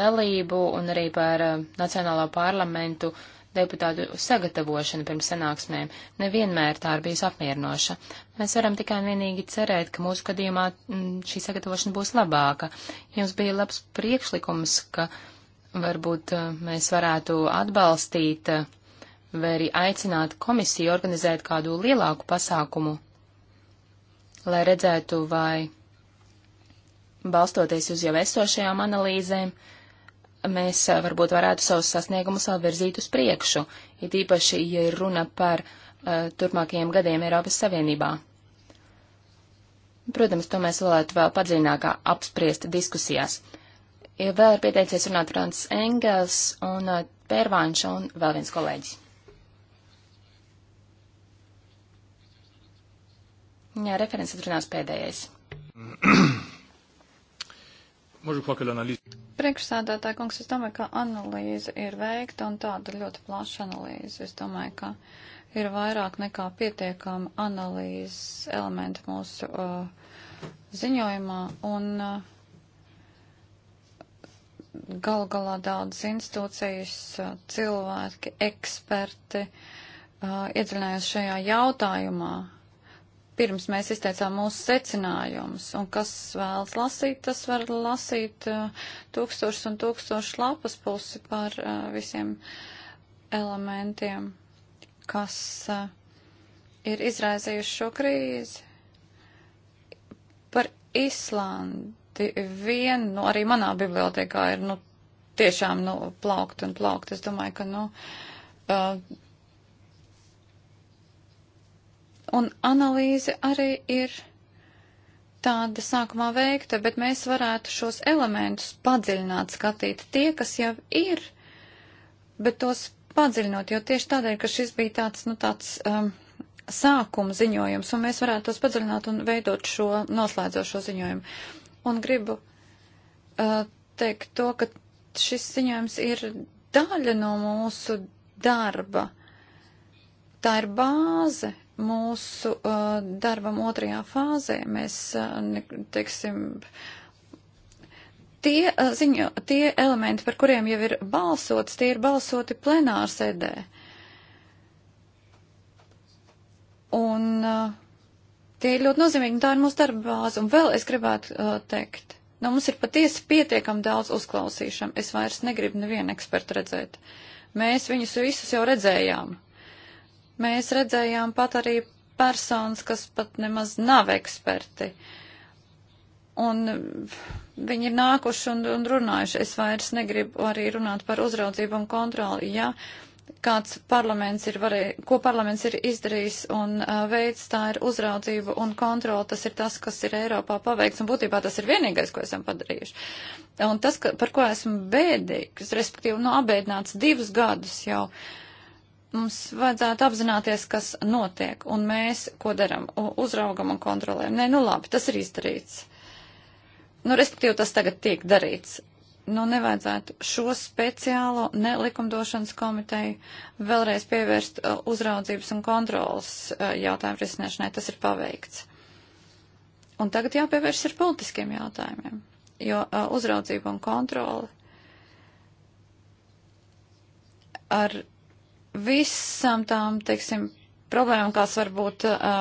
D: dalību un arī par eh, Nacionālo parlamentu uh, deputātu sagatavošana pirms sanāksmēm nevienmēr tā ir bijusi apmierinoša. Mēs varam tikai un vienīgi cerēt, ka mūsu gadījumā mm, šī sagatavošana būs labāka. Jums bija labs priekšlikums, ka varbūt eh, mēs varētu atbalstīt eh, vai arī aicināt komisiju organizēt kādu lielāku pasākumu, lai redzētu, vai balstoties uz jau esošajām analīzēm, uh, mēs varbūt varētu savus sasniegumus vēl virzīt uz priekšu, it īpaši, ja ir runa par uh, turpmākajiem gadiem Eiropas Savienībā. Protams, to mēs vēlētu vēl padziļinākā apspriest diskusijās. Ja vēl ir pieteicies runāt Frants Engels un uh, Pērvāņš un vēl viens kolēģis.
A: Jā, referents atrunās pēdējais. Priekšsādātāja kungs, es domāju, ka analīze ir veikta un tāda ļoti plaša analīze. Es domāju, ka ir vairāk nekā pietiekama analīzes elementa mūsu uh, ziņojumā un uh, gal galā daudz institūcijas, uh, cilvēki, eksperti uh, iedziļinājās šajā jautājumā, pirms mēs izteicām mūsu secinājumus, un kas vēlas lasīt, tas var lasīt eh, tūkstošus un tūkstošus lapas pusi par eh, visiem elementiem, kas eh, ir izraisījuši šo krīzi. Par Islandi vien, nu arī manā bibliotekā ir, nu, tiešām, nu, plaukt un plaukt. Es domāju, ka, nu, uh, un analīze arī ir tāda sākumā veikta, bet mēs varētu šos elementus padziļināt, skatīt tie, kas jau ir, bet tos padziļinot, jo tieši tādēļ, ka šis bija tāds, nu, tāds um, sākuma ziņojums, un mēs varētu tos padziļināt un veidot šo noslēdzošo ziņojumu. Un gribu uh, teikt to, ka šis ziņojums ir daļa no mūsu darba. Tā ir bāze, mūsu uh, darbam otrajā fāzē. Mēs, uh, teiksim, tie, uh, ziņo, tie elementi, par kuriem jau ir balsots, tie ir balsoti plenārsēdē. Un uh, tie ir ļoti nozīmīgi, un tā ir mūsu darba bāze. Un vēl es gribētu uh, teikt, nu mums ir patiesi pietiekam daudz uzklausīšanu. Es vairs negribu nevienu ekspertu redzēt. Mēs viņus visus jau redzējām. Mēs redzējām pat arī personas, kas pat nemaz nav eksperti. Un mm, viņi ir nākuši un, un runājuši. Es vairs negribu arī runāt par uzraudzību un kontroli. Ja kāds parlaments ir varē, ko parlaments ir izdarījis un uh, veids, tā ir uzraudzība un kontrola, tas ir tas, kas ir Eiropā paveikts, un būtībā tas ir vienīgais, ko esam padarījuši. Un tas, ka, par ko esmu bēdīgs, respektīvi, nu, no abēdināts divus gadus jau. Uh, mums vajadzētu apzināties, kas notiek, un mēs, ko daram, uzraugam un kontrolējam. Nē, nu labi, tas ir izdarīts. Nu, respektīvi, tas tagad tiek darīts. Nu, nevajadzētu šo speciālo nelikumdošanas komiteju vēlreiz pievērst uh, uzraudzības un kontrolas uh, jautājumu risināšanai. Tas ir paveikts. Un tagad jāpievērš ir politiskiem jautājumiem, jo uh, uzraudzība un kontrola ar visam tām, teiksim, problēmām, kas varbūt uh,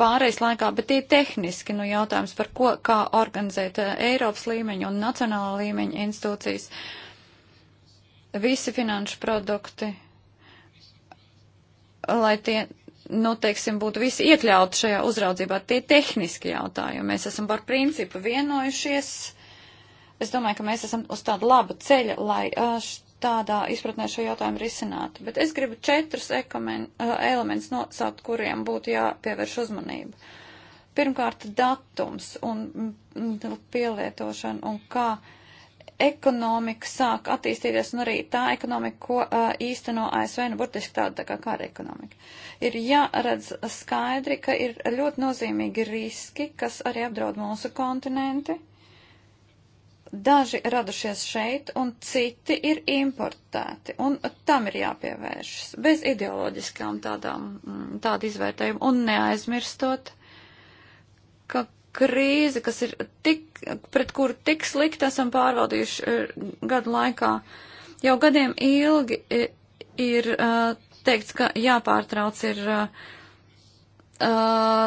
A: pāreiz laikā, bet tie tehniski, nu, jautājums par ko, kā organizēt uh, Eiropas līmeņa un nacionālā līmeņa institūcijas, visi finanšu produkti, lai tie, nu, teiksim, būtu visi iekļauti šajā uzraudzībā, tie tehniski jautājumi. Mēs esam par principu vienojušies. Es domāju, ka mēs esam uz tādu labu ceļu, lai uh, tādā izpratnē šo jautājumu risināt. Bet es gribu četrus ekomen, uh, eh, elements nosaukt, kuriem būtu jāpievērš uzmanība. Pirmkārt, datums un mm, mm, pielietošana un kā ekonomika sāk attīstīties, un arī tā ekonomika, ko uh, īsteno ASV, nu, burtiski tāda tā kā kāda ekonomika. Ir jāredz skaidri, ka ir ļoti nozīmīgi riski, kas arī apdraud mūsu kontinenti, Daži radušies šeit, un citi ir importēti, un tam ir jāpievēršas, bez ideoloģiskām mm, tādām, tādu izvērtējumu, un neaizmirstot, ka krīze, kas ir tik, pret kuru tik slikti esam pārvaldījuši eh, gadu laikā, jau gadiem ilgi eh, ir eh, teikts, ka jāpārtrauc ir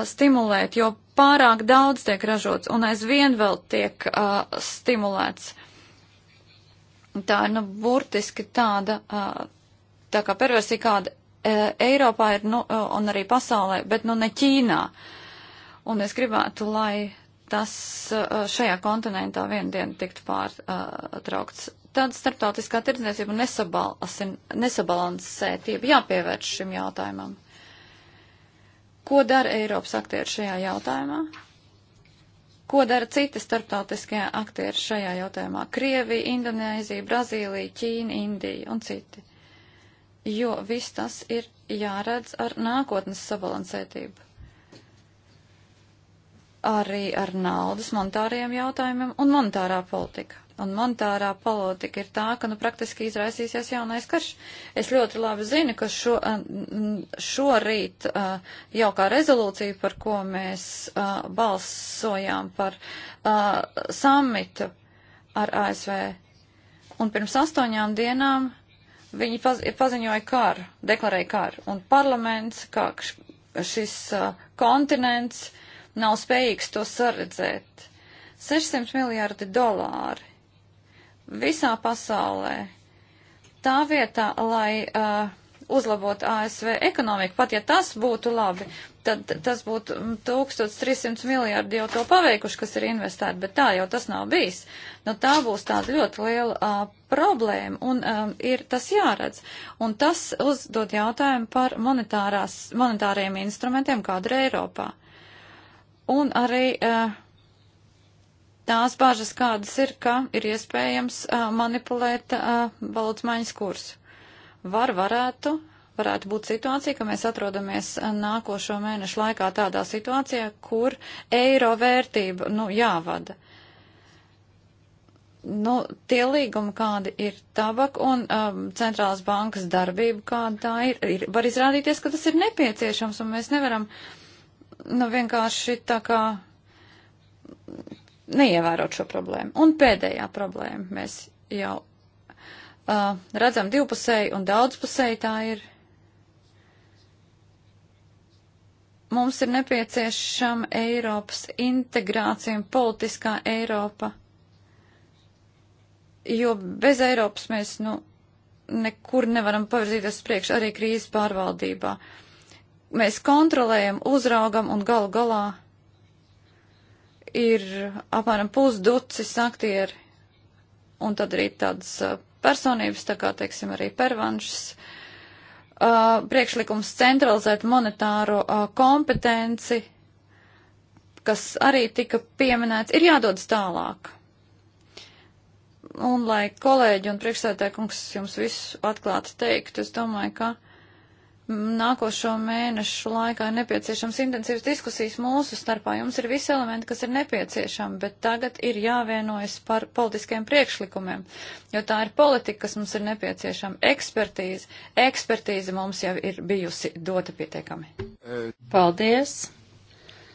A: stimulēt, jo pārāk daudz tiek ražots un aizvien vēl tiek uh, stimulēts. Tā ir, nu, burtiski tāda, uh, tā kā perversija, kāda uh, Eiropā ir, nu, uh, un arī pasaulē, bet, nu, ne Ķīnā. Un es gribētu, lai tas uh, šajā kontinentā vienu dienu tiktu pārtraukts. Uh, Tāda starptautiskā tirdzniecība nesabalansētība jāpievērš šim jautājumam. Ko dara Eiropas aktieri šajā jautājumā? Ko dara citi starptautiskie aktieri šajā jautājumā? Krievija, Indonēzija, Brazīlija, Ķīna, Indija un citi. Jo viss tas ir jāredz ar nākotnes sabalansētību. Arī ar naudas monetāriem jautājumiem un monetārā politika un monetārā politika ir tā, ka nu praktiski izraisīsies jaunais karš. Es ļoti labi zinu, ka šo, šorīt jau kā rezolūcija, par ko mēs balsojām par samitu ar ASV, un pirms astoņām dienām viņi paziņoja karu, deklarēja karu, un parlaments, kā šis kontinents, nav spējīgs to saredzēt. 600 miljārdi dolāri visā pasaulē. Tā vietā, lai uh, uzlabotu ASV ekonomiku, pat ja tas būtu labi, tad tas būtu 1300 mm, miljārdi jau to paveikuši, kas ir investēti, bet tā jau tas nav bijis. Nu, tā būs tāda ļoti liela uh, problēma, un um, ir tas jāredz. Un tas uzdod jautājumu par monetāriem instrumentiem, kāda ir Eiropā. Un arī uh, tās bāžas, kādas ir, ka ir iespējams uh, manipulēt uh, valodas maiņas kursu. Var, varētu, varētu būt situācija, ka mēs atrodamies nākošo mēnešu laikā tādā situācijā, kur eiro vērtība, nu, jāvada. Nu, tie līgumi, kādi ir tabak un um, centrālās bankas darbība, kāda tā ir, ir, var izrādīties, ka tas ir nepieciešams, un mēs nevaram, nu, vienkārši tā kā neievērot šo problēmu. Un pēdējā problēma mēs jau uh, redzam divpusēji un daudzpusēji tā ir. Mums ir nepieciešama Eiropas integrācija un politiskā Eiropa, jo bez Eiropas mēs, nu, nekur nevaram pavirzīties priekš arī krīzes pārvaldībā. Mēs kontrolējam, uzraugam un galu galā ir apmēram pusducis aktieri un tad arī tādas personības, tā kā, teiksim, arī pervanšas. Uh, priekšlikums centralizēt monetāro uh, kompetenci, kas arī tika pieminēts, ir jādodas tālāk. Un lai kolēģi un priekšsēdētājkungs jums visu atklāti teiktu, es domāju, ka nākošo mēnešu laikā ir nepieciešams intensīvas diskusijas mūsu starpā. Jums ir visi elementi, kas ir nepieciešami, bet tagad ir jāvienojas par politiskiem priekšlikumiem, jo tā ir politika, kas mums ir nepieciešama. Ekspertīze, ekspertīze mums jau ir bijusi dota pietiekami.
B: Paldies!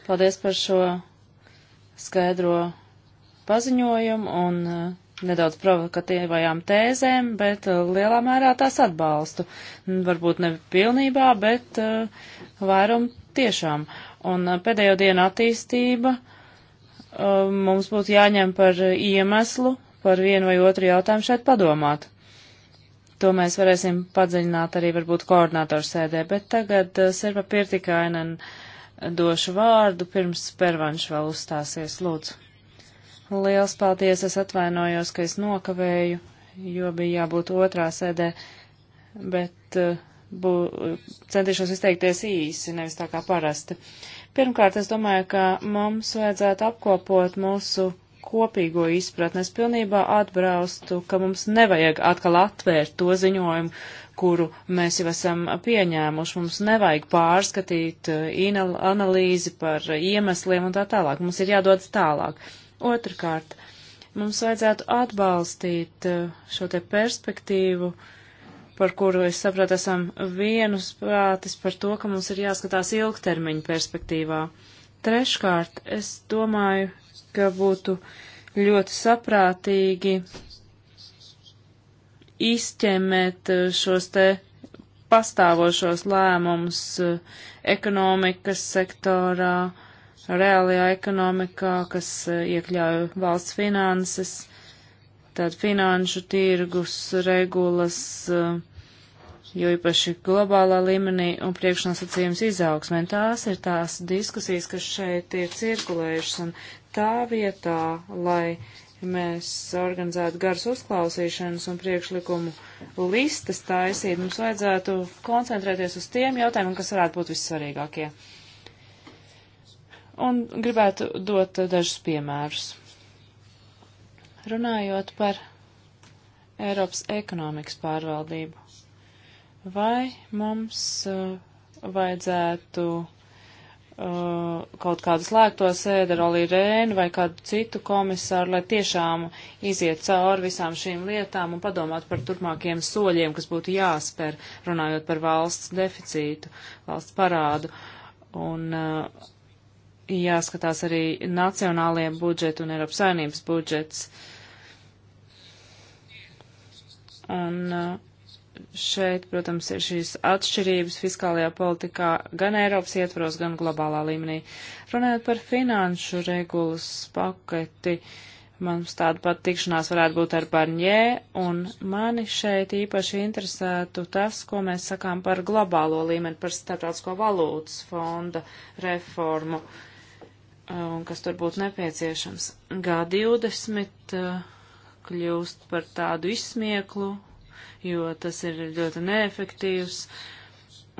B: Paldies par šo skaidro paziņojumu un uh, nedaudz provokatīvajām tēzēm, bet uh, lielā mērā tās atbalstu. Varbūt ne pilnībā, bet uh, vairum tiešām. Un uh, pēdējo dienu attīstība mums būtu jāņem par iemeslu, par vienu vai otru jautājumu šeit padomāt. To mēs varēsim padziļināt arī varbūt koordinātoru sēdē, bet tagad Serpa Pirtikainen došu vārdu, pirms Pervanš vēl uzstāsies. Lūdzu. Liels paldies, es atvainojos, ka es nokavēju, jo bija jābūt otrā sēdē, bet eh, bū, centīšos izteikties īsi, nevis tā kā parasti. Pirmkārt, es domāju, ka mums vajadzētu apkopot mūsu kopīgo izpratni. Es pilnībā atbraustu, ka mums nevajag atkal atvērt to ziņojumu, kuru mēs jau esam pieņēmuši. Mums nevajag pārskatīt eh, analīzi par iemesliem un tā tālāk. Mums ir jādodas tālāk. Otrkārt, mums vajadzētu atbalstīt eh, šo te perspektīvu, par kuru es saprotu, esam vienus prātis par to, ka mums ir jāskatās ilgtermiņa perspektīvā. Treškārt, es domāju, ka būtu ļoti saprātīgi izķemēt eh, šos te pastāvošos lēmumus eh, ekonomikas sektorā, uh, reālajā ekonomikā, kas eh, iekļauj valsts finanses, tad finanšu tirgus regulas, eh, jo īpaši globālā līmenī un priekšnosacījums izaugsmē. Tās ir tās diskusijas, kas šeit tiek cirkulējušas, un tā vietā, lai mēs organizētu garas uzklausīšanas un priekšlikumu listas taisīt, mums vajadzētu koncentrēties uz tiem jautājumiem, kas varētu būt vissvarīgākie. Ja un gribētu dot dažus piemērus. Runājot par Eiropas ekonomikas pārvaldību, vai mums uh, vajadzētu uh, kaut kādu slēgto sēdi ar Olī Rēnu vai kādu citu komisāru, lai tiešām iziet cauri visām šīm lietām un padomāt par turpmākiem soļiem, kas būtu jāspēr, runājot par valsts deficītu, valsts parādu. Un, uh, jāskatās arī nacionālajie budžeti un Eiropas saimnības budžets. Un uh, šeit, protams, ir šīs atšķirības fiskālajā politikā gan Eiropas ietvaros, gan globālā līmenī. Runājot par finanšu regulas paketi, mums tāda pat tikšanās varētu būt ar Barņē, un mani šeit īpaši interesētu tas, ko mēs sakām par globālo līmeni, par starptautisko valūtas fonda reformu. Uh, Eh, un kas tur būtu nepieciešams. G20 eh, kļūst par tādu izsmieklu, jo tas ir ļoti neefektīvs.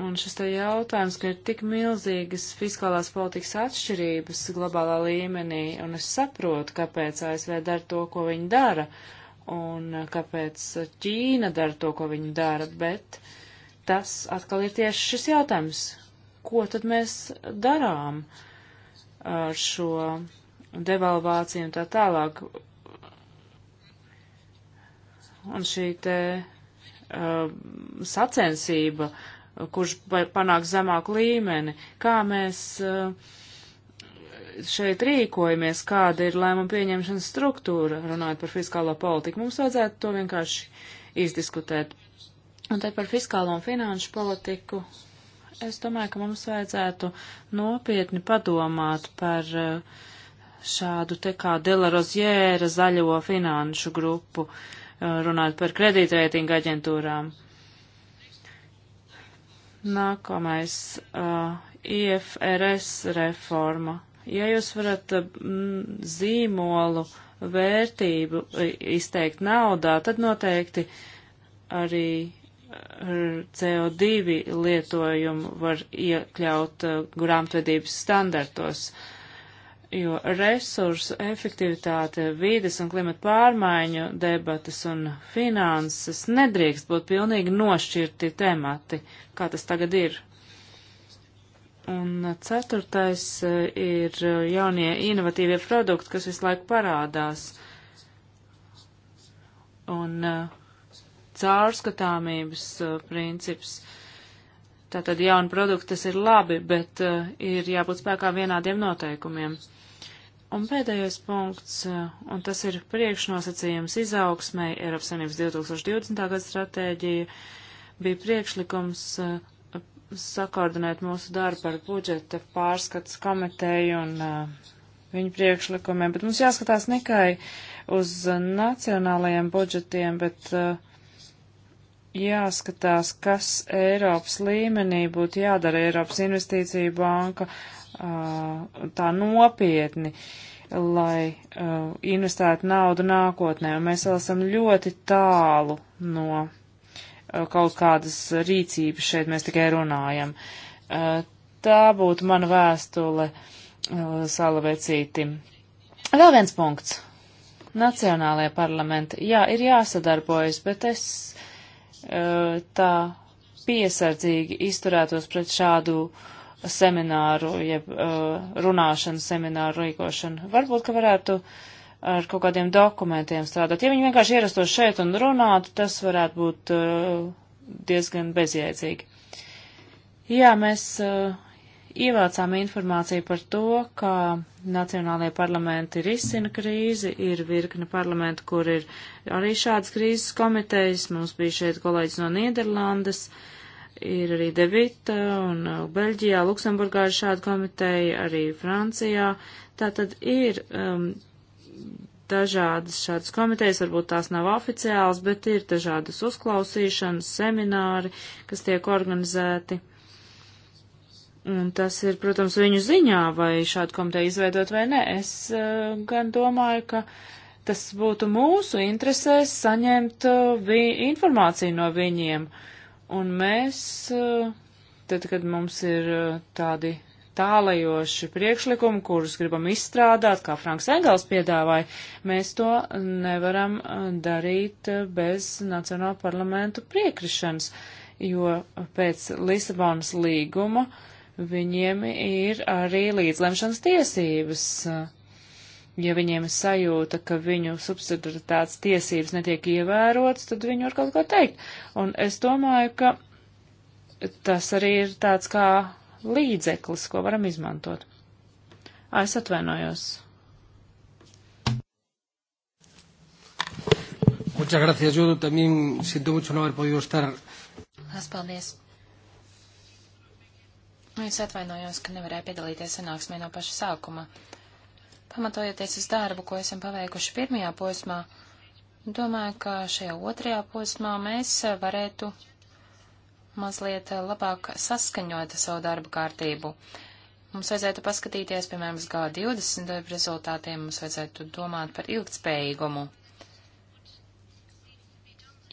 B: Un šis te jautājums, ka ir tik milzīgas fiskālās politikas atšķirības globālā līmenī, un es saprotu, kāpēc ASV dara to, ko viņi dara, un eh, kāpēc Ķīna dara to, ko viņi dara, bet tas atkal ir tieši šis jautājums, ko tad mēs darām? Uh, šo devalvāciju un tā tālāk. Un šī te uh, sacensība, kurš panāk zemāku līmeni, kā mēs uh, šeit rīkojamies, kāda ir lēmuma pieņemšanas struktūra, runājot par fiskālo politiku. Mums vajadzētu to vienkārši izdiskutēt. Un tad par fiskālo un finanšu politiku es domāju, ka mums vajadzētu nopietni padomāt par eh, šādu te kā Delarozjēra zaļo finanšu grupu, eh, runāt par kredītreitinga aģentūrām. Nākamais uh, eh, IFRS reforma. Ja jūs varat mm, zīmolu vērtību izteikt naudā, tad noteikti arī CO2 lietojumu var iekļaut uh, grāmatvedības standartos, jo resursu efektivitāte, vīdes un klimata pārmaiņu debatas un finanses nedrīkst būt pilnīgi nošķirti temati, kā tas tagad ir. Un uh, ceturtais uh, ir jaunie inovatīvie produkti, kas visu laiku parādās. Un uh, caurskatāmības uh, princips. Tātad jauni produkti tas ir labi, bet uh, ir jābūt spēkā vienādiem noteikumiem. Un pēdējais punkts, uh, un tas ir priekšnosacījums izaugsmai Eiropas Savienības 2020. gada stratēģija, bija priekšlikums uh, sakoordinēt mūsu darbu ar budžeta pārskats komiteju un uh, viņu priekšlikumiem, bet mums jāskatās nekai uz uh, nacionālajiem budžetiem, bet uh, jāskatās, kas Eiropas līmenī būtu jādara Eiropas investīcija banka tā nopietni, lai investētu naudu nākotnē. Un mēs vēl esam ļoti tālu no kaut kādas rīcības šeit mēs tikai runājam. Tā būtu mana vēstule salavecītim. Vēl viens punkts. Nacionālajie parlamenti. Jā, ir jāsadarbojas, bet es uh, Eh, tā piesardzīgi izturētos pret šādu semināru, jeb eh, runāšanu semināru rīkošanu. Varbūt, ka varētu ar kaut kādiem dokumentiem strādāt. Ja viņi vienkārši ierastos šeit un runātu, tas varētu būt eh, diezgan bezjēdzīgi. Jā, mēs ievācām informāciju par to, kā nacionālajie parlamenti risina krīzi, ir virkne parlamentu, kur ir arī šādas krīzes komitejas, mums bija šeit kolēģis no Nīderlandes, ir arī Devita un Beļģijā, Luksemburgā ir šāda komiteja, arī Francijā, tā tad ir um, dažādas šādas komitejas, varbūt tās nav oficiālas, bet ir dažādas uzklausīšanas, semināri, kas tiek organizēti Un tas ir, protams, viņu ziņā, vai šādu komiteju izveidot vai nē. Es uh, gan domāju, ka tas būtu mūsu interesēs saņemt uh, vi informāciju no viņiem. Un mēs, uh, tad, kad mums ir uh, tādi tālajoši priekšlikumi, kurus gribam izstrādāt, kā Franks Engels piedāvāja, mēs to nevaram darīt bez Nacionāla parlamentu priekrišanas, jo pēc Lisabonas līguma uh, viņiem ir arī līdzlemšanas tiesības. Ja viņiem ir sajūta, ka viņu subsidiaritātes tiesības netiek ievērotas, tad viņi var kaut ko teikt. Un es domāju, ka tas arī ir tāds kā līdzeklis, ko varam izmantot. Ā, es atvainojos.
C: Muchas gracias. Yo también siento mucho no haber podido estar.
D: Las paldies. Nu, es atvainojos, ka nevarēju piedalīties sanāksmē no paša sākuma. Pamatojoties uz darbu, ko esam paveikuši pirmajā posmā, domāju, ka šajā otrajā posmā mēs varētu mazliet labāk saskaņot savu darbu kārtību. Mums vajadzētu paskatīties, piemēram, uz G20 darba rezultātiem, mums vajadzētu domāt par ilgtspējīgumu.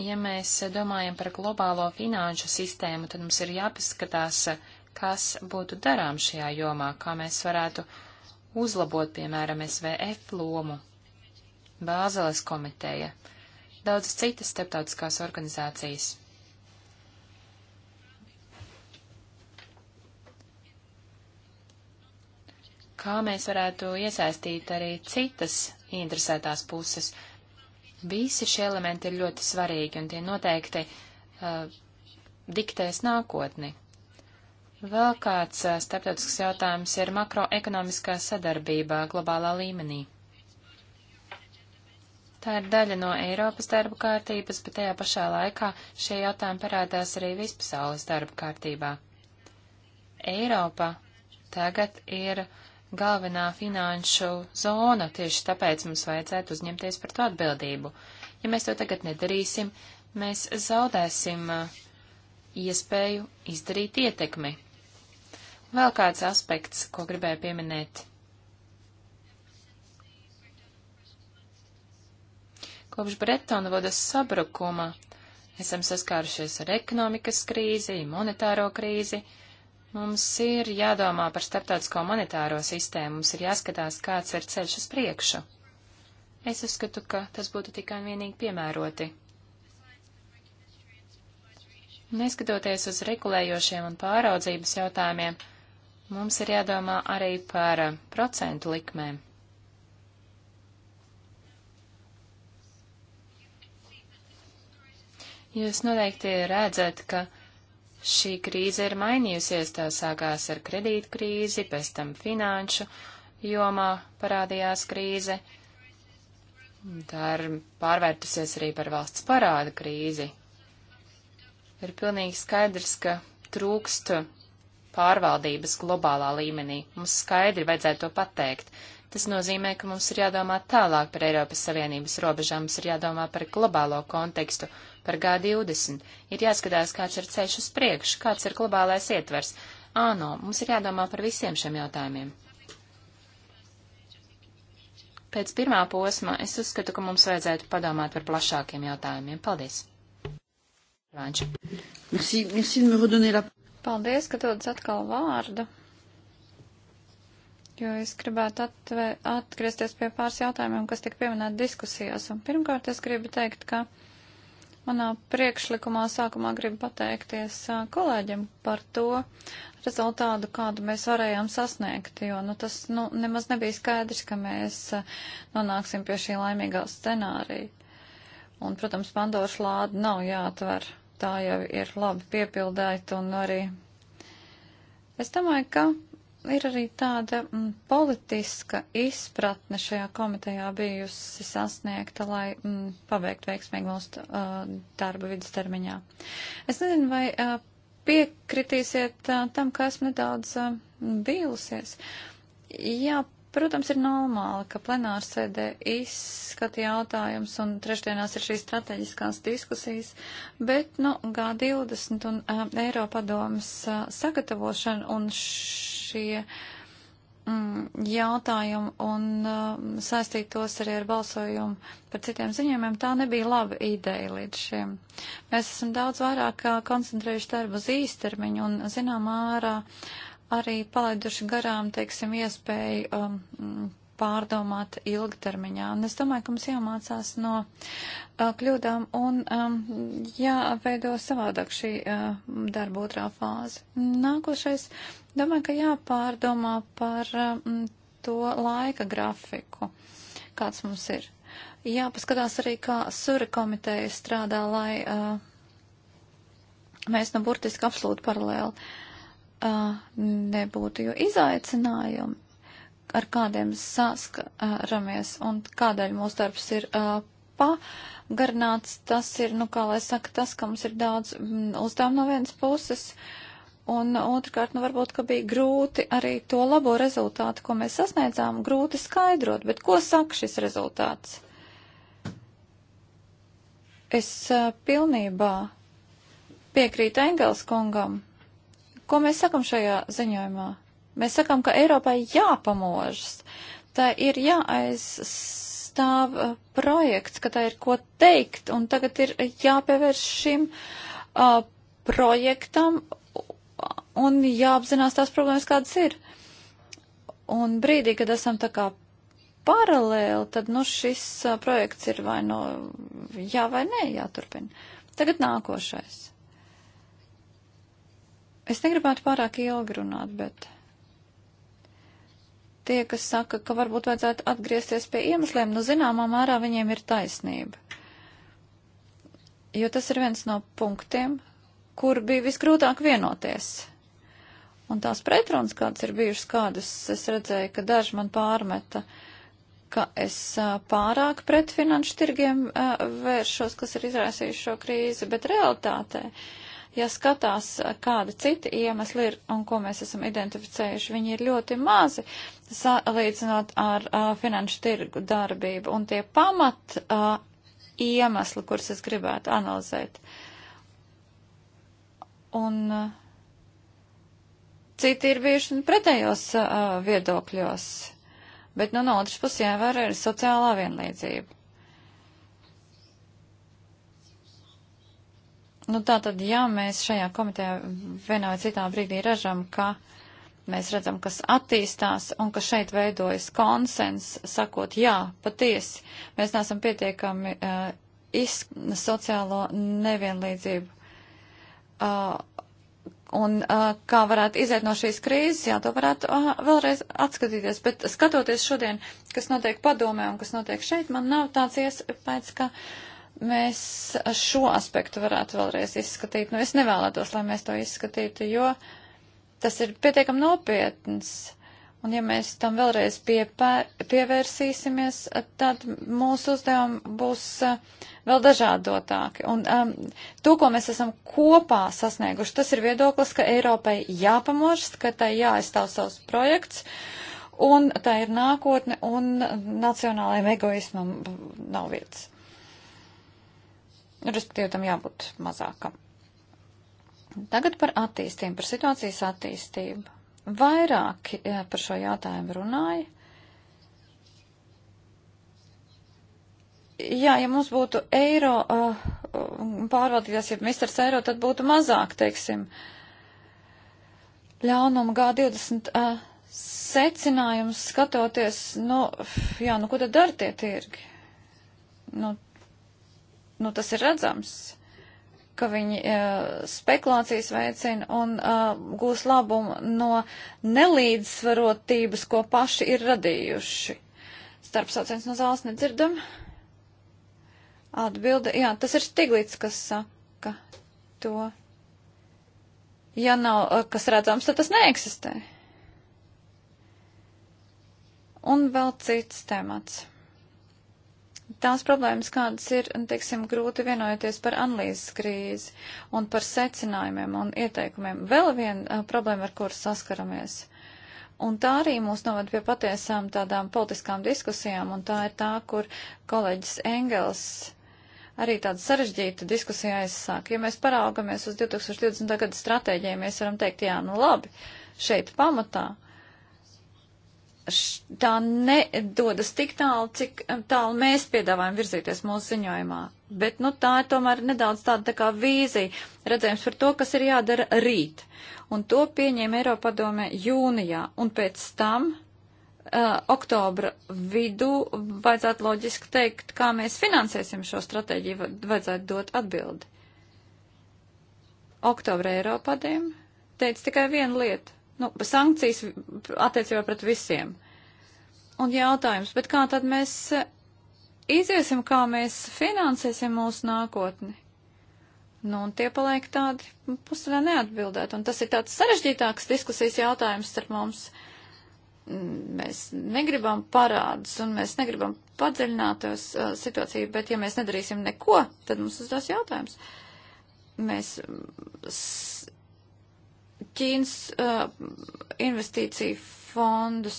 D: Ja mēs domājam par globālo finanšu sistēmu, tad mums ir jāpaskatās, uh, kas būtu darām šajā jomā, kā mēs varētu uzlabot, piemēram, SVF lomu, Bāzeles komiteja, daudzas citas starptautiskās organizācijas. Kā mēs varētu iesaistīt arī citas interesētās puses? Visi šie elementi ir ļoti svarīgi, un tie noteikti uh, diktēs nākotni. Vēl kāds starptautisks jautājums ir makroekonomiskā sadarbība globālā līmenī. Tā ir daļa no Eiropas darba kārtības, bet tajā pašā laikā šie jautājumi parādās arī vispasaules darba kārtībā. Eiropa tagad ir galvenā finanšu zona, tieši tāpēc mums vajadzētu uzņemties par to atbildību. Ja mēs to tagad nedarīsim, mēs zaudēsim iespēju izdarīt ietekmi. Vēl kāds aspekts, ko gribēju pieminēt. Kopš Bretona vodas sabrukuma esam saskārušies ar ekonomikas krīzi, monetāro krīzi. Mums ir jādomā par starptautisko monetāro sistēmu, mums ir jāskatās, kāds ir ceļš uz priekšu. Es uzskatu, ka tas būtu tikai un vienīgi piemēroti. Neskatoties uz regulējošiem un pāraudzības jautājumiem, Mums ir jādomā arī par procentu likmēm. Jūs noteikti redzat, ka šī krīze ir mainījusies. Tā sākās ar kredītu krīzi, pēc tam finanšu jomā parādījās krīze. Tā ir pārvērtusies arī par valsts parāda krīzi. Ir pilnīgi skaidrs, ka trūkst pārvaldības globālā līmenī. Mums skaidri vajadzētu to pateikt. Tas nozīmē, ka mums ir jādomā tālāk par Eiropas Savienības robežām, mums ir jādomā par globālo kontekstu, par G20. Ir jāskatās, kāds ir ceļš uz priekšu, kāds ir globālais ietvers. Āno, mums ir jādomā par visiem šiem jautājumiem. Pēc pirmā posma es uzskatu, ka mums vajadzētu padomāt par plašākiem jautājumiem. Paldies!
A: Ranča. Merci, merci de me redonner la Paldies, ka dodas atkal vārdu, jo es gribētu atvē, atgriezties pie pāris jautājumiem, kas tika pieminēti diskusijās. Un pirmkārt, es gribu teikt, ka manā priekšlikumā sākumā gribu pateikties kolēģiem par to rezultātu, kādu mēs varējām sasniegt, jo nu, tas nu, nemaz nebija skaidrs, ka mēs nonāksim pie šī laimīgā scenārija. Un, protams, Pandoras lāde nav jāatver tā jau ir labi piepildēta un arī es domāju, ka ir arī tāda m, mm, politiska izpratne šajā komitejā bijusi sasniegta, lai m, mm, pabeigtu veiksmīgi mūsu uh, darbu vidustermiņā. Es nezinu, vai uh, piekritīsiet uh, tam, ka esmu nedaudz uh, vīlusies. Jā, Protams, ir normāli, ka plenāra sēdē izskata jautājums un trešdienās ir šīs strateģiskās diskusijas, bet, nu, G20 un uh, Eiropadomas uh, sagatavošana un šie mm, jautājumi un uh, eh, saistīt tos arī ar balsojumu par citiem ziņojumiem, tā nebija laba ideja līdz šim. Mēs esam daudz vairāk uh, koncentrējuši darbu uz īstermiņu un, zinām, ārā. Uh, arī palaiduši garām, teiksim, iespēju um, pārdomāt ilgtermiņā. Un es domāju, ka mums jāmācās no uh, kļūdām un um, jāveido savādāk šī uh, darba otrā fāze. Nākošais, domāju, ka jāpārdomā par um, to laika grafiku, kāds mums ir. Jāpaskatās arī, kā sura komiteja strādā, lai uh, mēs nu burtiski absolūti paralēli. Uh, uh, nebūtu, jo izaicinājumi, ar kādiem saskaramies un kādēļ mūsu darbs ir uh, pagarnāts, tas ir, nu, kā lai saka, tas, ka mums ir daudz mm, uzdevumu no vienas puses. Un otrkārt, nu varbūt, ka bija grūti arī to labo rezultātu, ko mēs sasniedzām, grūti skaidrot, bet ko saka šis rezultāts? Es uh, pilnībā piekrītu Engels kungam, Ko mēs sakam šajā ziņojumā? Mēs sakam, ka Eiropai jāpamožas. Tā ir jāaizstāv uh, projekts, ka tā ir ko teikt, un tagad ir jāpievērš šim uh, projektam un jāapzinās tās problēmas, kādas ir. Un brīdī, kad esam tā kā paralēli, tad nu šis uh, projekts ir vai nu jā vai nē jāturpina. Tagad nākošais. Es negribētu pārāk ilgi runāt, bet tie, kas saka, ka varbūt vajadzētu atgriezties pie iemesliem, nu zināmā mērā viņiem ir taisnība. Jo tas ir viens no punktiem, kur bija visgrūtāk vienoties. Un tās pretrunas, kādas ir bijušas, kādas es redzēju, ka daži man pārmeta, ka es pārāk pret finanšu tirgiem vēršos, kas ir izraisījuši šo krīzi, bet realitātē. Uh, ja skatās, kādi citi iemesli ir un ko mēs esam identificējuši, viņi ir ļoti mazi salīdzinot ar uh, finanšu tirgu darbību un tie pamat uh, iemesli, kurus es gribētu analizēt. Un uh, citi ir bijuši pretējos uh, viedokļos. Bet, nu, no otras puses jāvēr ir sociālā vienlīdzība. Nu, tā tad, ja mēs šajā komitejā vienā vai citā brīdī ražam, ka mēs redzam, kas attīstās un ka šeit veidojas konsens, sakot, jā, patiesi, mēs neesam pietiekami uh, iz sociālo nevienlīdzību. Uh, un uh, kā varētu iziet no šīs krīzes, jā, to varētu uh, vēlreiz atskatīties. Bet skatoties šodien, kas notiek padomē un kas notiek šeit, man nav tāds iespējas, ka. Uh, mēs šo aspektu varētu vēlreiz izskatīt. Nu, es nevēlētos, lai mēs to izskatītu, jo tas ir pietiekam nopietns. Un ja mēs tam vēlreiz piepēr, pievērsīsimies, tad mūsu uzdevumi būs uh, vēl dažādotāki. Un um, to, ko mēs esam kopā sasnieguši, tas ir viedoklis, ka Eiropai jāpamorst, ka tai jāaizstāv savs projekts. Un tā ir nākotne, un nacionālajiem egoismam nav vietas respektīvi tam jābūt mazākam. Tagad par attīstību, par situācijas attīstību. Vairāki jā, par šo jautājumu runāja. Jā, ja mums būtu eiro uh, pārvaldītājs, ja misters eiro, tad būtu mazāk, teiksim, ļaunuma G20 uh, secinājums skatoties, nu, jā, nu, ko tad dar tie tirgi? Nu, nu, tas ir redzams, ka viņi uh, spekulācijas veicina un uh, gūs labumu no nelīdzsvarotības, ko paši ir radījuši. Starp sauciens no zāles nedzirdam. Atbilde, jā, tas ir Stiglits, kas saka to. Ja nav, uh, kas redzams, tad tas neeksistē. Un vēl cits temats tās problēmas, kādas ir, teiksim, grūti vienojoties par analīzes krīzi un par secinājumiem un ieteikumiem. Vēl viena problēma, ar kuru saskaramies. Un tā arī mūs novada pie patiesām tādām politiskām diskusijām, un tā ir tā, kur kolēģis Engels arī tāda sarežģīta diskusija aizsāk. Ja mēs paraugamies uz 2020. gada stratēģiju, mēs varam teikt, jā, nu labi, šeit pamatā tā nedodas tik tālu, cik eh, tālu mēs piedāvājam virzīties mūsu ziņojumā. Bet, nu, tā ir tomēr nedaudz tāda tā kā vīzija, redzējums par to, kas ir jādara rīt. Un to pieņēma Eiropadome jūnijā. Un pēc tam, uh, oktobra vidū, vajadzētu loģiski teikt, kā mēs finansēsim šo stratēģiju, vajadzētu dot atbildi. Oktobra Eiropadēm teica tikai vienu lietu Nu, sankcijas attiecībā pret visiem. Un jautājums, bet kā tad mēs eh, iziesim, kā mēs finansēsim mūsu nākotni? Nu, un tie paliek tādi pusē neatbildēt. Un tas ir tāds sarežģītāks diskusijas jautājums starp mums. Mēs negribam parādus un mēs negribam padziļinātos uh, situāciju, bet ja mēs nedarīsim neko, tad mums uzdos jautājums. Mēs Ķīnas uh, investīciju fondus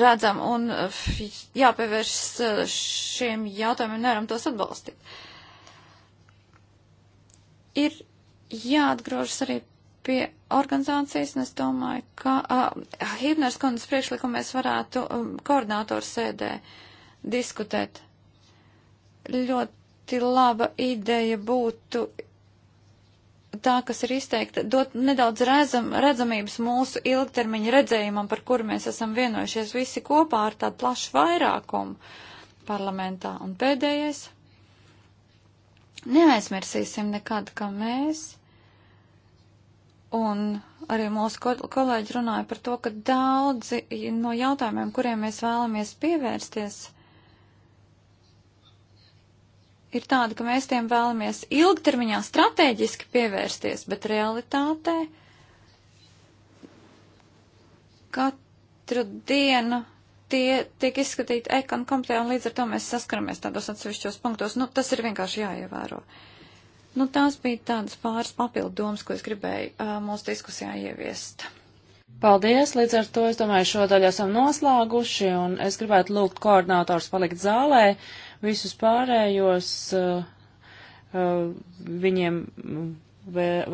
A: redzam un jāpievērš šiem jautājumiem, nevaram tos atbalstīt. Ir jāatgrožas arī pie organizācijas, un es domāju, ka uh, Hibners kundas priekšlikumu mēs varētu um, koordinātoru sēdē diskutēt. Ļoti laba ideja būtu tā, kas ir izteikta, dot nedaudz redzam, redzamības mūsu ilgtermiņa redzējumam, par kur mēs esam vienojušies visi kopā ar tādu plašu vairākumu parlamentā. Un pēdējais, neaizmirsīsim nekad, ka mēs, un arī mūsu kol kolēģi runāja par to, ka daudzi no jautājumiem, kuriem mēs vēlamies pievērsties, ir tāda, ka mēs tiem vēlamies ilgtermiņā strateģiski pievērsties, bet realitātē katru dienu tie tiek izskatīti ekonu komitejā, un līdz ar to mēs saskaramies tādos atsevišķos punktos. Nu, tas ir vienkārši jāievēro. Nu, tās bija tādas pāris papildu domas, ko es gribēju uh, mūsu diskusijā ieviest.
B: Paldies, līdz ar to es domāju, šo daļu esam noslēguši, un es gribētu lūgt koordinātors palikt zālē. Uh, Visus pārējos eh, eh, viņiem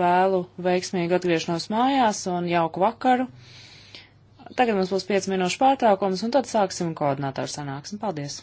B: vēlu veiksmīgu atgriešanos mājās un jauku vakaru. Tagad mums būs 5 minūšu pārtraukums, un tad sāksim koordinātoru sanāksmi. Paldies!